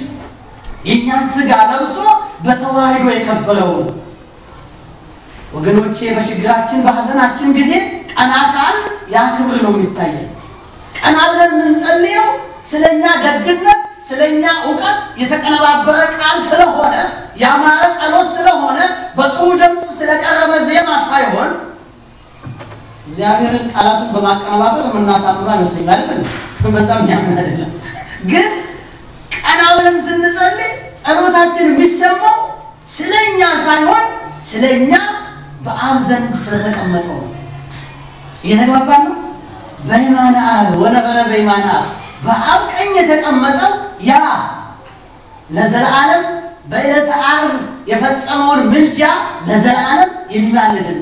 የእኛን ስጋ ለብሶ በተዋህዶ የከበረው ወገኖቼ፣ በችግራችን በሀዘናችን ጊዜ ቀና ካል ያ ክብር ነው የሚታየን። ቀና ብለን የምንጸልየው ስለኛ ደግነት ስለኛ እውቀት የተቀነባበረ ቃል ስለሆነ ያማረ ጸሎት ስለሆነ በጥሩ ድምፅ ስለቀረበ ዜማ ሳይሆን እግዚአብሔርን ቃላትን በማቀነባበር የምናሳምረው አይመስለኛል። በጣም ያምን አይደለም። ግን ቀና ብለን ስንጸልይ ጸሎታችን የሚሰማው ስለኛ ሳይሆን ስለኛ በአብ ዘንድ ስለተቀመጠው ነው። እየተግባባን ነው። በይማነ አብ ወነበረ በይማነ አብ በአብ ቀኝ የተቀመጠው ያ ለዘላለም በዕለተ ዓርብ የፈጸመውን ምልጃ ለዘላለም የሚማልድልን፣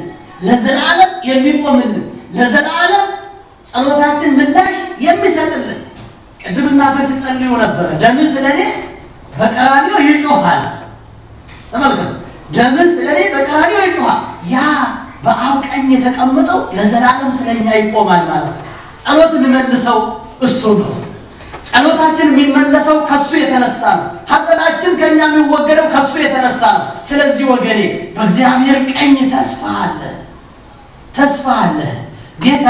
ለዘላለም የሚቆምልን፣ ለዘላለም ጸሎታችን ምላሽ የሚሰጥልን ቅድም እናቶች ሲጸልዩ ነበረ። ደምህ ስለ በቀራንዮ ይጮኻል። ተመልከቱ፣ ደምህ ስለ በቀራንዮ ይጮኻል። ያ በአብ ቀኝ የተቀመጠው ለዘላለም ስለኛ ይቆማል ማለት ነው። ጸሎት የሚመልሰው እሱ ነው። ጸሎታችን የሚመለሰው ከሱ የተነሳ ነው። ሐዘናችን ከእኛ የሚወገደው ከሱ የተነሳ ነው። ስለዚህ ወገኔ በእግዚአብሔር ቀኝ ተስፋ አለ፣ ተስፋ አለ። ጌታ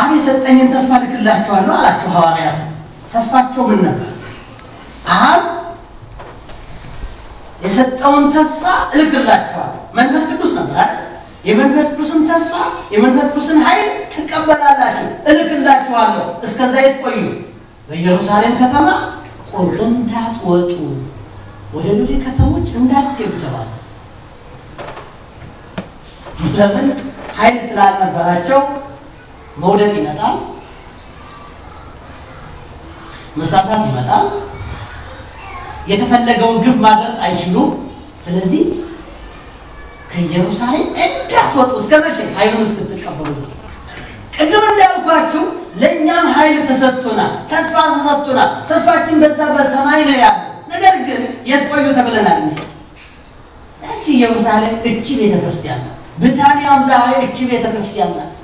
አብ የሰጠኝን ተስፋ ልክላቸዋለሁ አላቸው ሐዋርያት። ተስፋቸው ምን ነበር? አብ የሰጠውን ተስፋ እልክላችኋለሁ። መንፈስ ቅዱስ ነበር የመንፈስ ቅዱስን ተስፋ የመንፈስ ቅዱስን ኃይል ትቀበላላችሁ፣ እልክላችኋለሁ። እስከዛ የት ቆዩ? በኢየሩሳሌም ከተማ ቁር እንዳትወጡ ወደ ሌሎች ከተሞች እንዳትሄዱ ተባለ። ለምን? ኃይል ስላልነበራቸው መውደቅ ይመጣል፣ መሳሳት ይመጣል፣ የተፈለገውን ግብ ማድረስ አይችሉም። ስለዚህ ከኢየሩሳሌም እንዳትወጡ እስከ መቼ ኃይሉን እስክትቀበሉ ቅድም እንዳልኳችሁ ለእኛም ኃይል ተሰጥቶናል፣ ተስፋ ተሰጥቶናል። ተስፋችን በዛ በሰማይ ነው ያለ። ነገር ግን የት ቆዩ ተብለናል። እቺ ኢየሩሳሌም፣ እቺ ቤተክርስቲያን ናት። ብታንያም ዛሬ እቺ ቤተክርስቲያን ናት።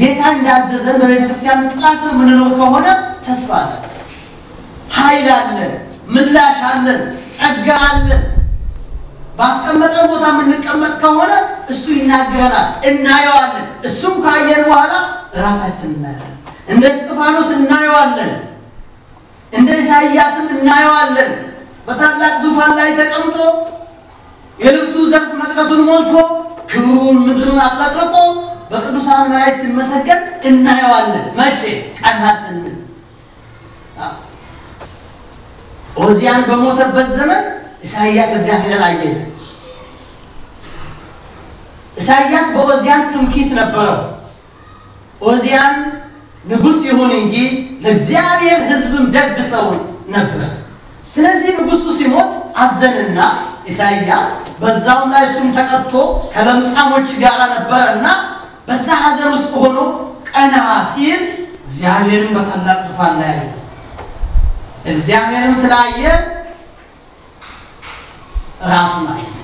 ጌታ እንዳዘዘን በቤተክርስቲያን ጥላ ስር ምንኖር ከሆነ ተስፋ አለን፣ ኃይል አለን፣ ምላሽ አለን፣ ጸጋ አለን። ባስቀመጠን ቦታ የምንቀመጥ ከሆነ እሱ ይናገራል እናየዋለን። እሱም ካየን በኋላ ራሳችን እናያለን። እንደ እስጢፋኖስ እናየዋለን፣ እንደ ኢሳይያስም እናየዋለን። በታላቅ ዙፋን ላይ ተቀምጦ የልብሱ ዘርፍ መቅደሱን ሞልቶ ክብሩን ምድሩን አጥለቅልቆ በቅዱሳን ላይ ሲመሰገን እናየዋለን። መቼ ቀና ስንል ኦዚያን በሞተበት ዘመን ኢሳይያስ እግዚአብሔርን አየለት። ኢሳያስ በኦዚያን ትምኪት ነበረው። ኦዚያን ንጉሥ ይሁን እንጂ ለእግዚአብሔር ሕዝብም ደግ ሰው ነበር። ስለዚህ ንጉሱ ሲሞት አዘንና ኢሳያስ በዛውም ላይ እሱም ተቀጥቶ ከለምጻሞች ጋር እና በዛ ሀዘን ውስጥ ሆኖ ቀና ሲል እግዚአብሔርን በታላቅ ዙፋን ላይ ያየ። እግዚአብሔርም ስላየ ራሱን አየ።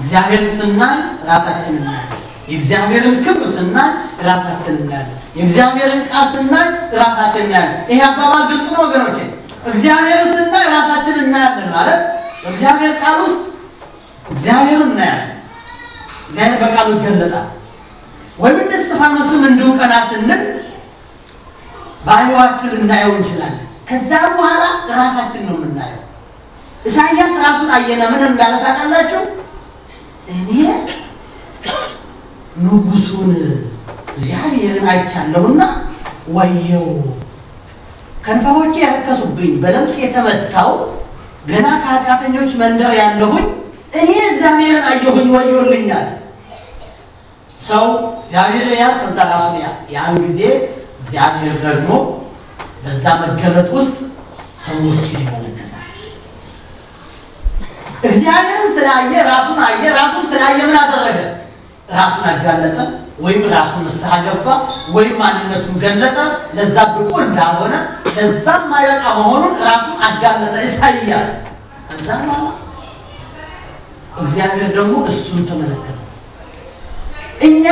እግዚአብሔርን ስናይ ራሳችን እናያለን። የእግዚአብሔርን ክብር ስናይ ራሳችን እናያለን። የእግዚአብሔርን ቃል ስናይ ራሳችን እናያለን። ይሄ አባባል ግልጽ ነው ወገኖቼ። እግዚአብሔርን ስናይ ራሳችን እናያለን ማለት በእግዚአብሔር ቃል ውስጥ እግዚአብሔርን እናያለን። እግዚአብሔር በቃሉ ይገለጣል። ወይም እንደ እስጢፋኖስም እንዲሁ ቀና ስንል በአይዋችን ልናየው እንችላለን። ከዛ በኋላ ራሳችን ነው የምናየው። ኢሳያስ ራሱን አየነ ምን እንዳለ ታውቃላችሁ? እኔ ንጉሱን እግዚአብሔርን አይቻለሁና ወየው ከንፈሮቼ ያረከሱብኝ በለምጽ የተመታው ገና ከኃጢአተኞች መንደር ያለሁኝ እኔ እግዚአብሔርን አየሁኝ ወዮልኝ አለ። ሰው እግዚአብሔርን ያ ከዛ ራሱን ያ ያን ጊዜ እግዚአብሔር ደግሞ በዛ መገለጥ ውስጥ ሰዎችን ይመለከ እግዚአብሔርን ስላየ ራሱን አየ። ራሱን ስላየ ምን አደረገ? ራሱን አጋለጠ፣ ወይም ራሱን ንስሐ ገባ፣ ወይም ማንነቱን ገለጠ። ለዛ ብቁ እንዳልሆነ ለዛም ማይበቃ መሆኑን ራሱን አጋለጠ ኢሳይያስ። ከዛም እግዚአብሔር ደግሞ እሱን ተመለከተ። እኛ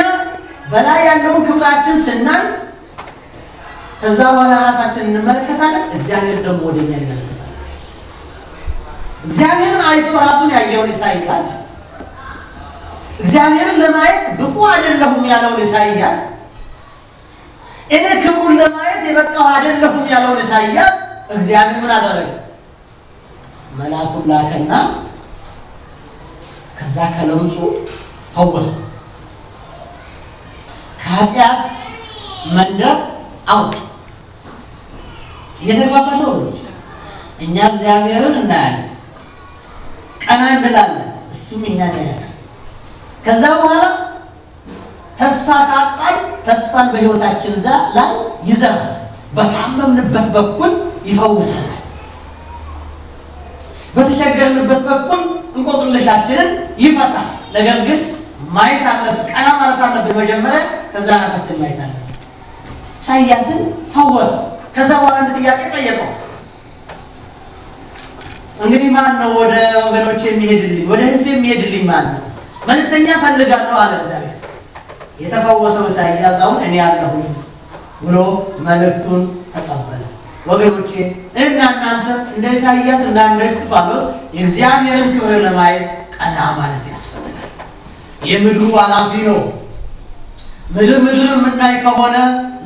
በላይ ያለውን ክብራችን ስናይ ከዛ በኋላ ራሳችን እንመለከታለን። እግዚአብሔር ደግሞ ወደኛ ይመለከታል። እግዚአብሔርን አይቶ ራሱን ያየውን ኢሳይያስ እግዚአብሔርን ለማየት ብቁ አይደለሁም ያለውን ኢሳይያስ እኔ ክቡር ለማየት የበቃው አይደለሁም ያለውን ኢሳይያስ እግዚአብሔር ምን አደረገ? መልአኩን ላከና ከዛ ከለምጹ ፈወሰ። ከኃጢአት መንደር አውጥ። እየተግባባ ነው። እኛ እግዚአብሔርን እናያለን ቀና እንላለን፣ እሱም እኛን ያያል። ከዛ በኋላ ተስፋ ካጣን ተስፋን በህይወታችን ዛ ላይ ይዘራል። በታመምንበት በኩል ይፈውሰናል። በተቸገርንበት በኩል እንቆቅልሻችንን ይፈታል። ነገር ግን ማየት አለብ ቀና ማለት አለብ መጀመሪያ። ከዛ ራሳችን ማየት አለብ ኢሳያስን ፈወሰው። ከዛ በኋላ አንድ ጥያቄ ጠየቀው። እንግዲህ ማን ነው ወደ ወገኖች የሚሄድልኝ ወደ ህዝብ የሚሄድልኝ ማን ነው? መልእክተኛ ፈልጋለሁ አለ እግዚአብሔር። የተፈወሰው ኢሳይያስ አሁን እኔ ያለሁ ብሎ መልእክቱን ተቀበለ። ወገኖቼ እና እናንተ እንደ ኢሳያስ እና እንደ እስጢፋኖስ የእግዚአብሔርን ክብር ለማየት ቀና ማለት ያስፈልጋል። የምድሩ ኃላፊ ነው። ምድር ምድር የምናይ ከሆነ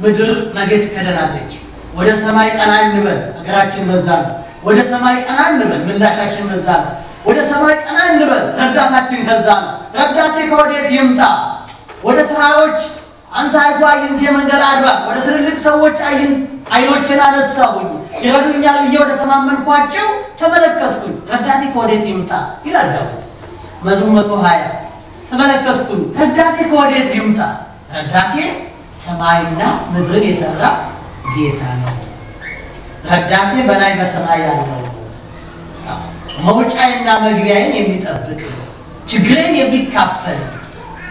ምድር ነገ ትከደናለች። ወደ ሰማይ ቀና እንበል። ሀገራችን በዛ ነው። ወደ ሰማይ ቀና እንበል፣ ምላሻችን በዛ ነው። ወደ ሰማይ ቀና እንበል፣ ረዳታችን ከዛ ነው። ረዳቴ ከወዴት ይምጣ? ወደ ተራዎች ተራሮች አንሳይቱ አይንቴ መንገድ አድባ፣ ወደ ትልልቅ ሰዎች አይን አይኖችን አነሳሁኝ ይረዱኛል ብዬ ወደ ተማመንኳቸው ተመለከትኩኝ። ረዳቴ ከወዴት ይምጣ ይላል ዳዊት መዝሙር መቶ ሀያ ተመለከትኩኝ። ረዳቴ ከወዴት ይምጣ? ረዳቴ ሰማይና ምድርን የሰራ ጌታ ነው። ረዳቴ በላይ በሰማይ ያለው መውጫዬና መግቢያዬን የሚጠብቅ ችግሬን የሚካፈል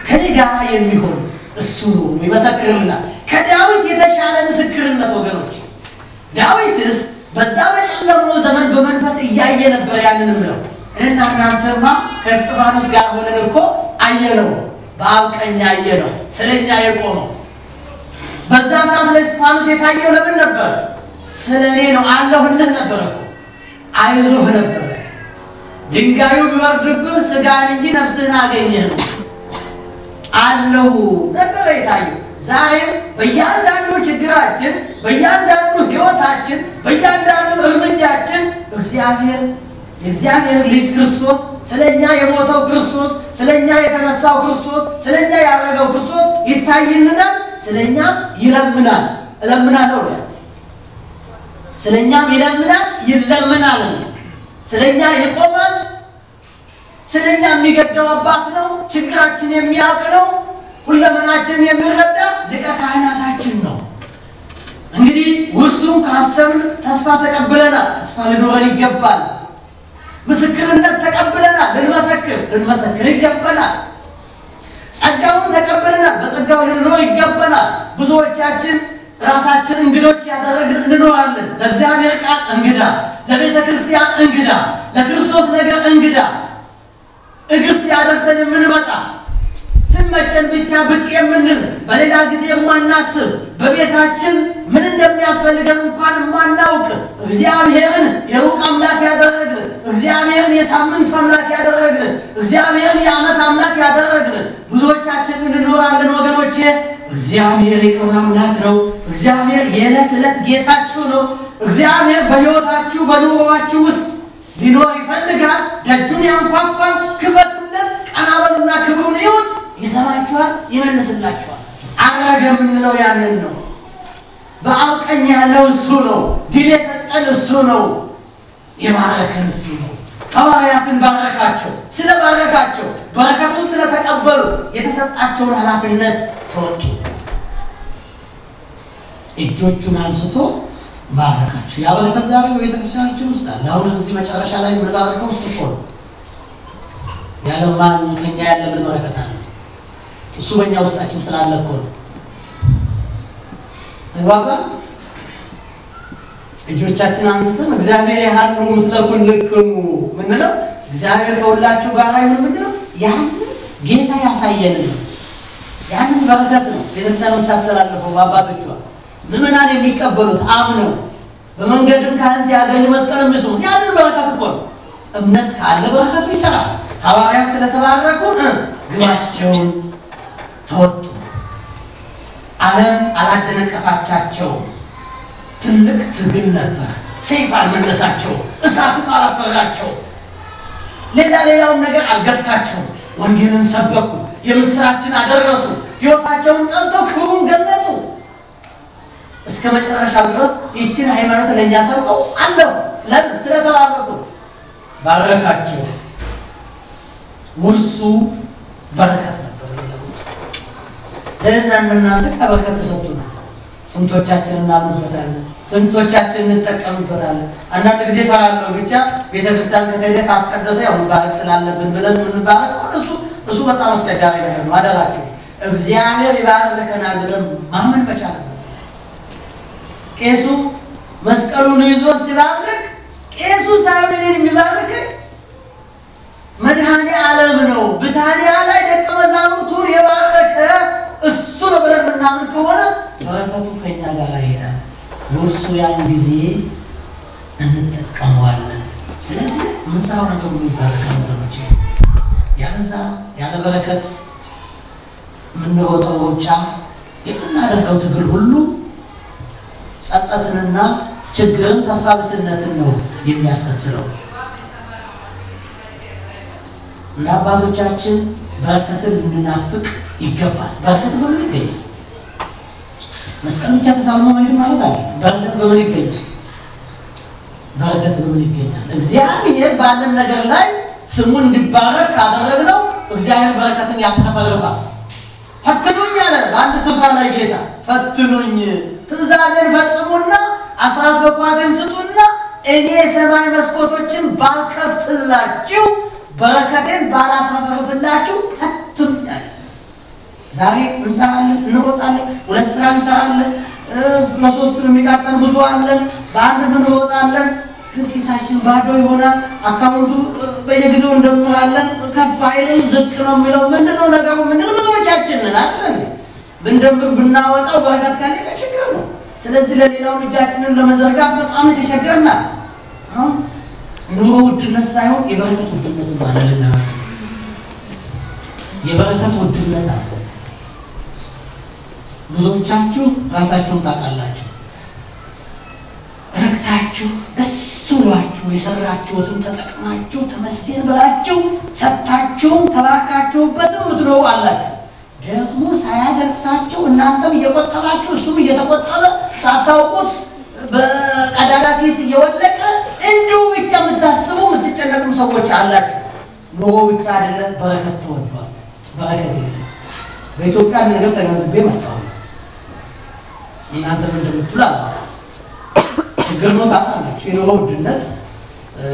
ከኔ ጋር የሚሆን እሱ ይመሰክርምና ከዳዊት የተሻለ ምስክርነት ወገኖች። ዳዊትስ በዛ በጨለሞ ዘመን በመንፈስ እያየ ነበር። ያንንም ነው እና እናንተማ ከእስጢፋኖስ ጋር ሆነን እኮ አየነው፣ በአብ ቀኝ አየነው፣ ስለኛ የቆመው በዛ ሰዓት ለእስጢፋኖስ የታየው ለምን ነበር? ስለ እኔ ነው አለሁልህ ነበረ እኮ አይዞህ ነበር። ድንጋዩ ቢወርድብህ ስጋን እንጂ ነፍስህን አገኘህ ነው አለሁ ነበረ የታየው። ዛሬም በእያንዳንዱ ችግራችን፣ በእያንዳንዱ ህይወታችን፣ በእያንዳንዱ እርምጃችን እግዚአብሔር የእግዚአብሔር ልጅ ክርስቶስ ስለኛ የሞተው ክርስቶስ ስለኛ የተነሳው ክርስቶስ ስለኛ ያረገው ክርስቶስ ይታይልናል፣ ስለኛ ይለምናል። እለምናለሁ ስለኛም ይለምናል ይለመናል። ስለኛ ይቆማል። ስለኛ የሚገደው አባት ነው። ችግራችን የሚያውቅ ነው። ሁለመናችን የሚረዳ ሊቀ ካህናታችን ነው። እንግዲህ ውስጡም ካሰብን ተስፋ ተቀብለናል። ተስፋ ሊኖረን ይገባል። ምስክርነት ተቀብለናል። ልንመሰክር ልንመሰክር ይገባናል። ጸጋውን ተቀብለናል። በጸጋው ልንኖር ይገባናል። ብዙዎቻችን ራሳችን እንግዶች ያደረግን እንኖራለን። ለእግዚአብሔር ቃል እንግዳ፣ ለቤተ ክርስቲያን እንግዳ፣ ለክርስቶስ ነገር እንግዳ እግር ሲያደርሰን የምንመጣ ስመቸን ብቻ ብቅ የምንል በሌላ ጊዜ የማናስብ በቤታችን ምን እንደሚያስፈልገን እንኳን የማናውቅ እግዚአብሔርን የሩቅ አምላክ ያደረግን እግዚአብሔርን የሳምንት አምላክ ያደረግን እግዚአብሔርን የዓመት አምላክ ያደረግን ብዙዎቻችን እንኖራለን ወገኖቼ። እግዚአብሔር የክብር አምላክ ነው። እግዚአብሔር የዕለት ዕለት ጌታችሁ ነው። እግዚአብሔር በሕይወታችሁ በኑሮዋችሁ ውስጥ ሊኖር ይፈልጋል። ደጁን ያንኳኳል። ክፈቱለት፣ ቀናበሉና ክብሩን እዩት። ይሰማችኋል፣ ይመልስላችኋል። አረገ የምንለው ያንን ነው። በአብ ቀኝ ያለው እሱ ነው። ድል የሰጠን እሱ ነው። የባረከን እሱ ነው። ሐዋርያትን ባረካቸው። ስለ ባረካቸው በረከቱን ስለተቀበሉ የተሰጣቸውን ኃላፊነት ተወጡ። እጆቹን አንስቶ ባረካቸው። ያ በረከት ዛሬ በቤተክርስቲያናችን ውስጥ አለ። አሁን እዚህ መጨረሻ ላይ የምንባርከው እሱ እኮ ነው። ያለማን ከኛ ያለምን በረከት አለ። እሱ በእኛ ውስጣችን ስላለ እኮ ነው። ተግባባ እጆቻችን አንስተን እግዚአብሔር ያህሉ ምስለኩን ልክሙ ምንለው እግዚአብሔር ከሁላችሁ ጋር ይሁን ምንለው ያንን ጌታ ያሳየን ነው። ያንን በረከት ነው ቤተክርስቲያን የምታስተላልፈው በአባቶቿ ምዕመናን የሚቀበሉት አምነው በመንገድም ካህን ሲያገኝ መስቀልም ብዙ ያንን በረከት እኮ ነው። እምነት ካለ በረከቱ ይሰራል። ሐዋርያት ስለተባረኩ ግባቸውን ተወጡ። ዓለም አላደነቀፋቻቸው። ትልቅ ትግል ነበር። ሰይፍ አልመለሳቸው፣ እሳትም አላስፈራቸው። ሌላ ሌላውን ነገር አልገታቸው። ወንጌልን ሰበኩ፣ የምስራችን አደረሱ፣ ሕይወታቸውን ጠልተው ክብሩን ገለጡ። እስከ መጨረሻው ድረስ ይችን ሃይማኖት ለእኛ ሰብቀው አለሁ። ለምን? ስለተባረኩ። ባረካቸው። ውርሱ በረከት ነበር። ለእናና እናንተ ከበረከት ተሰጥቶናል። ስንቶቻችን እናምንበታለን? ስንቶቻችን እንጠቀምበታለን? አንዳንድ ጊዜ ፈራለሁ ብቻ ቤተክርስቲያን ከተሄደ ካስቀደሰ ያው መባረክ ስላለብን ብለን የምንባረክ እሱ እሱ በጣም አስቸጋሪ ነገር ነው። አደራችሁ እግዚአብሔር ይባርከናል ብለን ማመን መቻል ቄሱ መስቀሉን ይዞ ሲባርክ ቄሱ ሳይሆን እኔን የሚባርክ መድኃኔ ዓለም ነው። ብታንያ ላይ ደቀ መዛሙርቱን የባረከ እሱ ነው ብለን የምናምን ከሆነ በረከቱ ከኛ ጋር ይሄዳል። ለእርሱ ያን ጊዜ እንጠቀመዋለን። ስለዚህ የምንሰራው ነገር ሁሉ ይባረካል ወገኖች። ያለዛ ያለ በረከት የምንሮጠው ሩጫ፣ የምናደርገው ትግል ሁሉ ጸጸትንና ችግርን ተስፋብስነትን ነው የሚያስከትለው። እና አባቶቻችን በረከትን ልንናፍቅ ይገባል። በረከት በምን ይገኛል? መስቀል ብቻ ተሳልሞ መሄድ ማለት አለ። በረከት በምን ይገኛል? በረከት በምን ይገኛል? እግዚአብሔር ባለን ነገር ላይ ስሙ እንዲባረክ ካደረግነው እግዚአብሔር በረከትን ያተፈርፋል። ፈትኑኝ አለ በአንድ ስፍራ ላይ ጌታ ፈትኑኝ ትእዛዝን ፈጽሙና አስራት በኩራትን ስጡና እኔ የሰማይ መስኮቶችን ባልከፍትላችሁ በረከቴን ባላትረፈርፍላችሁ ፈትም ያለ ዛሬ እንሰራለን፣ እንሮጣለን፣ ሁለት ስራ እንሰራለን፣ መሶስትን የሚቃጠል ብዙ አለን፣ በአንድ እንሮጣለን፣ ግን ኪሳችን ባዶ ይሆናል። አካውንቱ በየጊዜው እንደምራለን፣ ከፍ አይልም፣ ዝቅ ነው የሚለው ምንድነው ነገሩ? ምንድነው ብዙዎቻችን ናለን እንደምር ብናወጣው በህዳት ከሌለ ችግር ነው። ስለዚህ ለሌላው እጃችንን ለመዘርጋት በጣም የተቸገርናል። ኑሮ ውድነት ሳይሆን የበረከት ውድነት ማለልና የበረከት ውድነት አለ። ብዙዎቻችሁ ራሳችሁን ታውቃላችሁ። ረክታችሁ ደስ ብሏችሁ የሰራችሁትን ተጠቅማችሁ ተመስገን ብላችሁ ሰጥታችሁም ተባርካችሁበትም ምትኖሩ አላችሁ። ደግሞ ሳያደርሳችሁ እናንተም እየቆጠባችሁ እሱም እየተቆጠበ ሳታውቁት በቀዳዳ ኪስ እየወለቀ እንዲሁ ብቻ የምታስቡ የምትጨነቁም ሰዎች አላችሁ። ኑሮ ብቻ አይደለም በረከት ተወዷል። በረከት የለም። በኢትዮጵያ ነገር ተገንዝቤ መጣሁ። እናንተም እንደምትሉ አላ ችግር ነው ታውቃላችሁ። የኑሮ ውድነት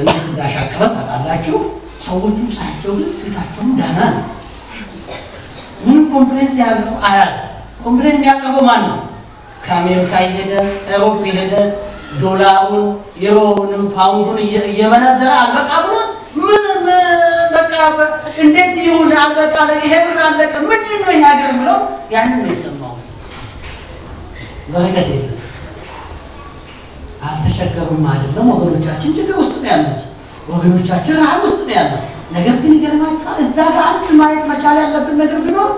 እንዴት እንዳሻቀበ ታውቃላችሁ። ሰዎቹም ሳያቸው ግን ፊታቸውም ዳና ነው። ይህም ኮምፕሌንስ ያለው አያል ኮምፕሌን የሚያቀርበው ማን ነው? ከአሜሪካ የሄደ ኤሮፕ የሄደ ዶላሩን ዩሮውንም ፓውንዱን እየመነዘረ አልበቃ ብሎት ምንም በቃ እንዴት ይሁን አልበቃ ይሄ ብር አለቀ ምንድን ነው ይሄ ሀገር ብለው ያንን ነው የሰማው። በረከት የለም አልተሸከሩም አይደለም ወገኖቻችን ችግር ውስጥ ነው ያሉት። ወገኖቻችን ረሃብ ውስጥ ነው ያሉት። ነገር ግን ይገርማችኋል፣ እዛ ጋር አንድ ማየት መቻል ያለብን ነገር ቢኖር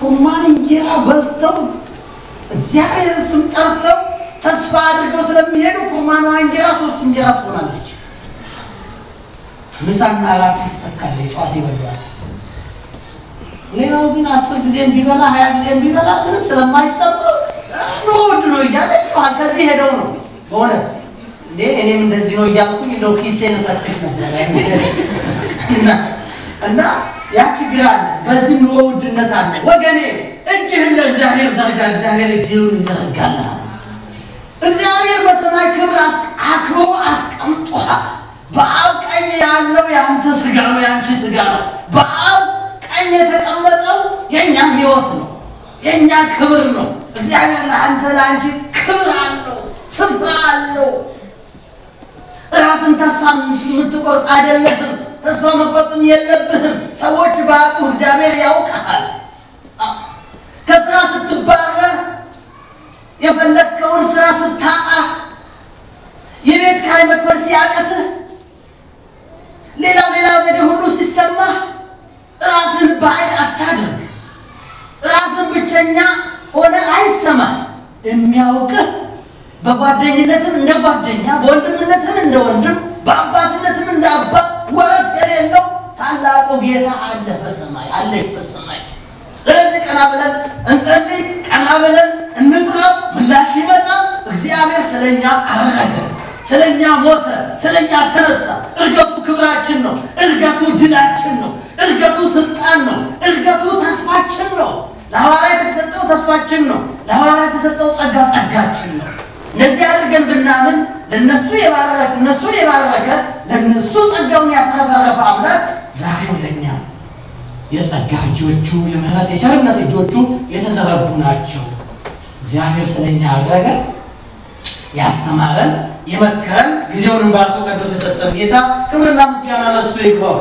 ኩማን እንጀራ በልተው እግዚአብሔር ስም ጠርተው ተስፋ አድርገው ስለሚሄዱ ኩማኗ እንጀራ ሶስት እንጀራ ትሆናለች። ምሳና እራት ትተካለ ጠዋት ይበሏት። ሌላው ግን አስር ጊዜ ቢበላ ሀያ ጊዜ ቢበላ ምንም ስለማይሰማው ኑሮ ድሎ እያለ ከዚህ ሄደው ነው በእውነት እንዴ እኔም እንደዚህ ነው እያልኩኝ እንደው ኪሴን ፈትሽ ነበር እና ያ ችግር አለ። በዚህ ኑሮ ውድነት አለ ወገኔ። እጅህን ለእግዚአብሔር ዘርጋ፣ እግዚአብሔር እጅህን ይዘርጋልሃል። እግዚአብሔር በሰማይ ክብር አክሮ አስቀምጦሃል። በአብ ቀኝ ያለው የአንተ ስጋ ነው፣ የአንቺ ስጋ ነው። በአብ ቀኝ የተቀመጠው የእኛ ህይወት ነው፣ የእኛ ክብር ነው። እግዚአብሔር ለአንተ ለአንቺ ክብር አለው፣ ስፍራ አለው። ራስን ተስፋ የምትቆርጥ አይደለህም። ተስፋ መቁረጥም የለብህም። ሰዎች ባቁ እግዚአብሔር ያውቃል። ከስራ ስትባረር፣ የፈለግከውን ስራ ስታጣ፣ የቤት ኪራይ መክፈል ሲያቅትህ፣ ሌላው ሌላ ነገር ሁሉ ሲሰማ ራስን ባዕድ አታድርግ። ራስን ብቸኛ ሆነ አይሰማ የሚያውቅህ በጓደኝነትም እንደ ጓደኛ፣ በወንድምነትም እንደ ወንድም፣ በአባትነትም እንደ አባት ወረት ከሌለው ታላቁ ጌታ አለ በሰማይ አለ በሰማይ። ስለዚህ ቀና ብለን እንጸልይ፣ ቀና ብለን ምላሽ ይመጣል። እግዚአብሔር ስለኛ አረገ፣ ስለኛ ሞተ፣ ስለኛ ተነሳ። እርገቱ ክብራችን ነው። እርገቱ ድላችን ነው። እርገቱ ስልጣን ነው። እርገቱ ተስፋችን ነው። ለሐዋርያ የተሰጠው ተስፋችን ነው። ለሐዋርያ የተሰጠው ጸጋ ጸጋችን ነው። እንደዚህ አድርገን ብናምን ለነሱ የባረከ እነሱን የባረከ ለነሱ ጸጋውን ያፈረፈረፈ አምላክ ዛሬው ለኛ የጸጋ እጆቹ የምህረት የቸርነት እጆቹ የተዘረጉ ናቸው። እግዚአብሔር ስለኛ ያደረገ ያስተማረን የመከረን ጊዜውንም ባርኮ ቅዱስ የሰጠን ጌታ ክብርና ምስጋና ለሱ ይግባው።